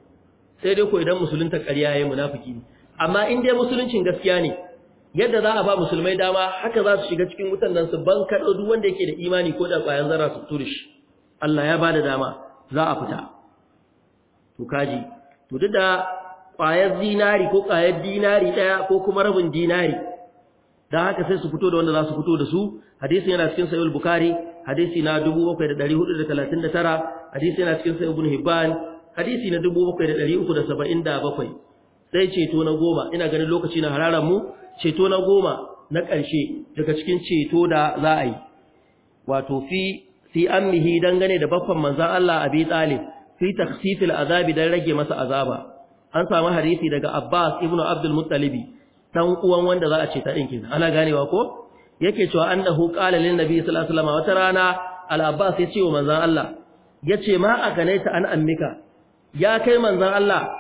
sai dai ko idan musulunta ƙarya yayin munafiki ne amma in dai musuluncin gaskiya ne yadda za a ba musulmai dama haka za su shiga cikin wutan nan su bankar duk wanda yake da imani ko da ƙwayan zarra su tura shi Allah ya bada dama za a fita to kaji to duk da ƙwayar dinari ko ƙwayar dinari ɗaya ko kuma rabin dinari dan haka sai su fito da wanda za su fito da su hadisi yana cikin sahih bukhari hadisi na 7439 hadisi yana cikin sahih ibn hibban hadisi na 7377 sai to na goma ina ganin lokaci na hararan mu ceto na goma na ƙarshe daga cikin ceto da za a yi wato fi fi ammihi dangane da baffan manzan Allah abi talib fi takhsifil azabi dan rage masa azaba an samu hadisi daga Abbas ibn Abdul Muttalibi, dan uwan wanda za a ce ta dinkin ana ganewa ko yake cewa An-dahu ƙalalin nabi sallallahu alaihi wata rana al Abbas ya ce wa manzan Allah yace ma ta an ammika ya kai manzan Allah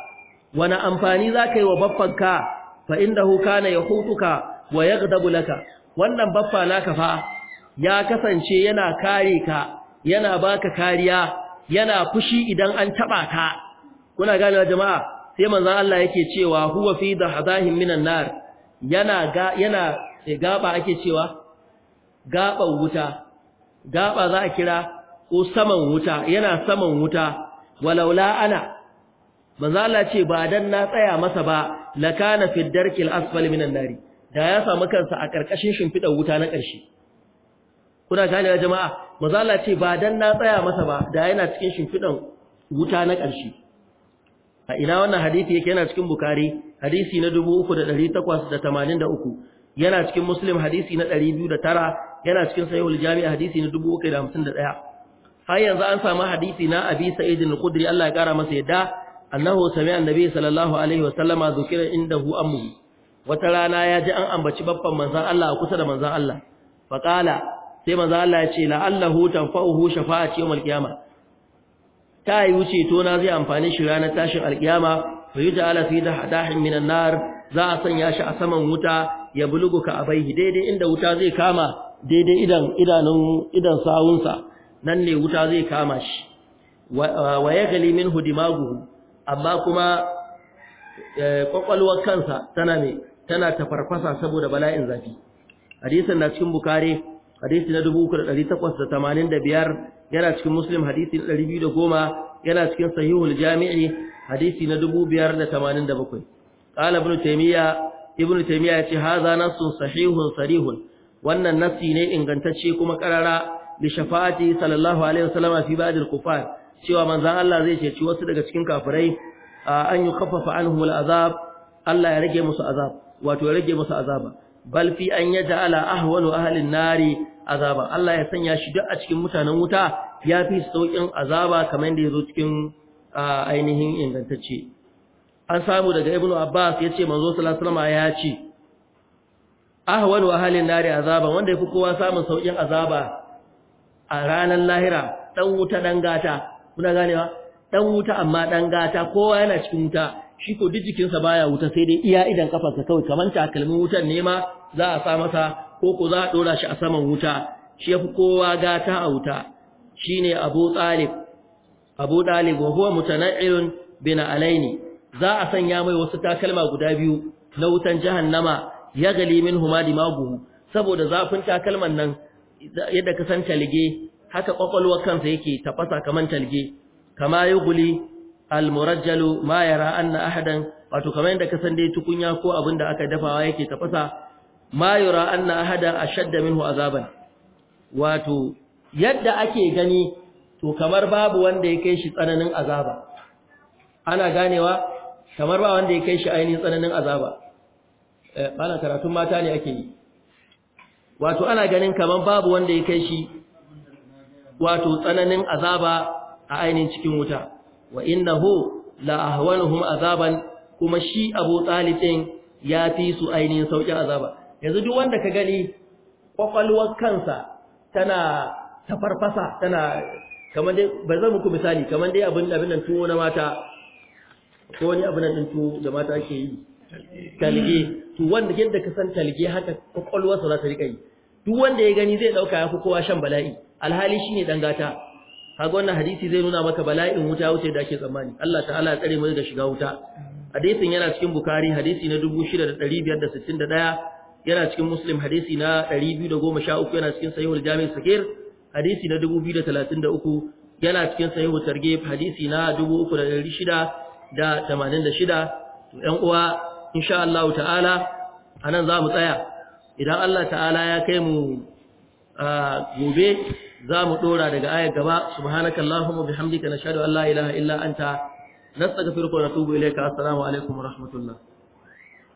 wani amfani za ka yi wa baffanka fa indahu kana yahutuka wa yaghdabu laka wannan baffa naka fa ya kasance yana kare ka yana baka kariya yana fushi idan an taba ka kuna ganewa jama'a sai manzon Allah yake cewa huwa fi dahadahim minan nar yana ga yana eh, gaba ake cewa gaba wuta gaba za a kira ko saman wuta yana saman wuta walaula ana manzala ce ba dan na tsaya masa ba lakana fi darkil asfali minan nari da ya samu kansa a karkashin shimfidar wuta na ƙarshe kuna gane ya jama'a manzala ce ba dan na tsaya masa ba da yana cikin shimfidan wuta na ƙarshe a ina wannan hadisi yake yana cikin bukari hadisi na 3883 yana cikin muslim hadisi na 209 yana cikin sahihul jami' hadisi na 351 har yanzu an samu hadisi na abi sa'id al qudri Allah ya kara masa yadda annahu sami annabi sallallahu alaihi wasallama zukira indahu ammu wata rana ya ji an ambaci baffan manzan Allah a kusa da manzan Allah faqala sai manzan Allah ya ce la'allahu tanfa'uhu shafa'ati yawmal qiyama ta yi wuce to na zai amfani shi ranar tashin alkiyama fa sai fi dahdahin minan nar za a sanya shi a saman wuta ya bulugu ka abaihi daidai inda wuta zai kama daidai idan idanun idan sawunsa nan ne wuta zai kama shi wa ya gali min hudimaguhu amma kuma eh, kwakwalwar kansa tana ne tana tafarfasa saboda bala'in zafi hadisin na cikin bukari hadisi na 3885 yana cikin muslim hadisi na 210 yana cikin sahihul jami'i hadisi na 587 qala ibn taymiya ibn taymiya yace hadha nassun sahihun sarihun wannan nassi ne ingantacce kuma karara li shafa'ati sallallahu alaihi wasallama fi ba'd al-kufar cewa manzan Allah zai ceci wasu daga cikin kafirai an yi kafafa hula azab? Allah ya rage musu azab wato ya rage musu azaba bal fi an ja'ala ahwanu ahlin nari azaba Allah ya sanya shi duk a cikin mutanen wuta ya fi saukin azaba kamar yadda yazo cikin ainihin ingantacce an samu daga ibnu abbas ya ce manzo sallallahu alaihi wasallam ya ce ahwanu ahlin nari azaba wanda yafi kowa samun saukin azaba a ranar lahira dan wuta dan gata kuna ganewa dan wuta amma dan gata kowa yana cikin wuta shi ko duk jikinsa baya wuta sai dai iya idan kafarsa kawai kamar takalmin wutan ne ma za a sa masa ko ko za a dora shi a saman wuta shi yafi kowa gata a wuta shine Abu Talib Abu Talib wa huwa mutana'ilun bin alaini za a sanya mai wasu takalma guda biyu na wutan jahannama ya gali min huma dimaguhu saboda zafin takalman nan yadda ka san talige haka kwakwalwar kansa yake tafasa kamar talge kama guli almurajjalu ma ra'an na ahadan wato kamar yadda kasan dai tukunya ko abin da aka dafawa yake tafasa ma ahadan a ahada min hu azaban wato yadda ake gani to kamar babu wanda ya kai shi tsananin azaba ana ganewa kamar ba wanda ya kai shi ainihin tsananin azaba eh, bana karatun mata ne ake yi wato ana ganin kamar babu wanda ya kai shi wato tsananin azaba a ainihin cikin wuta wa innahu la ahwanuhum azaban kuma shi Abu talibin ya fi su ainihin sauki azaba yanzu duk wanda ka gani kwakwalwar kansa tana tafarfasa tana kamar dai ba zan muku misali kamar dai abin abin nan tuwo na mata ko wani abin nan tuwo da mata ke yi talge to wanda yadda ka san talge haka sa za ta rika yi duk wanda ya gani zai dauka ya fi kowa shan bala'i alhali shi ne dangata kaga wannan hadisi zai nuna maka bala'in wuta wuce da ake tsammani Allah ta'ala ya tsare mai da shiga wuta hadisin yana cikin bukari hadisi na 6561 yana cikin muslim hadisi na 213 yana cikin sahihul jami' sakir hadisi na 2033 yana cikin sahihul targhe hadisi na 3686 to ɗan uwa insha Allah ta'ala anan za mu tsaya idan Allah ta'ala ya kai mu gobe za mu ɗora daga ayar gaba subhanakallahumma bihamdika nashhadu an la ilaha illa anta nastaghfiruka wa natubu ilayka assalamu alaikum wa rahmatullah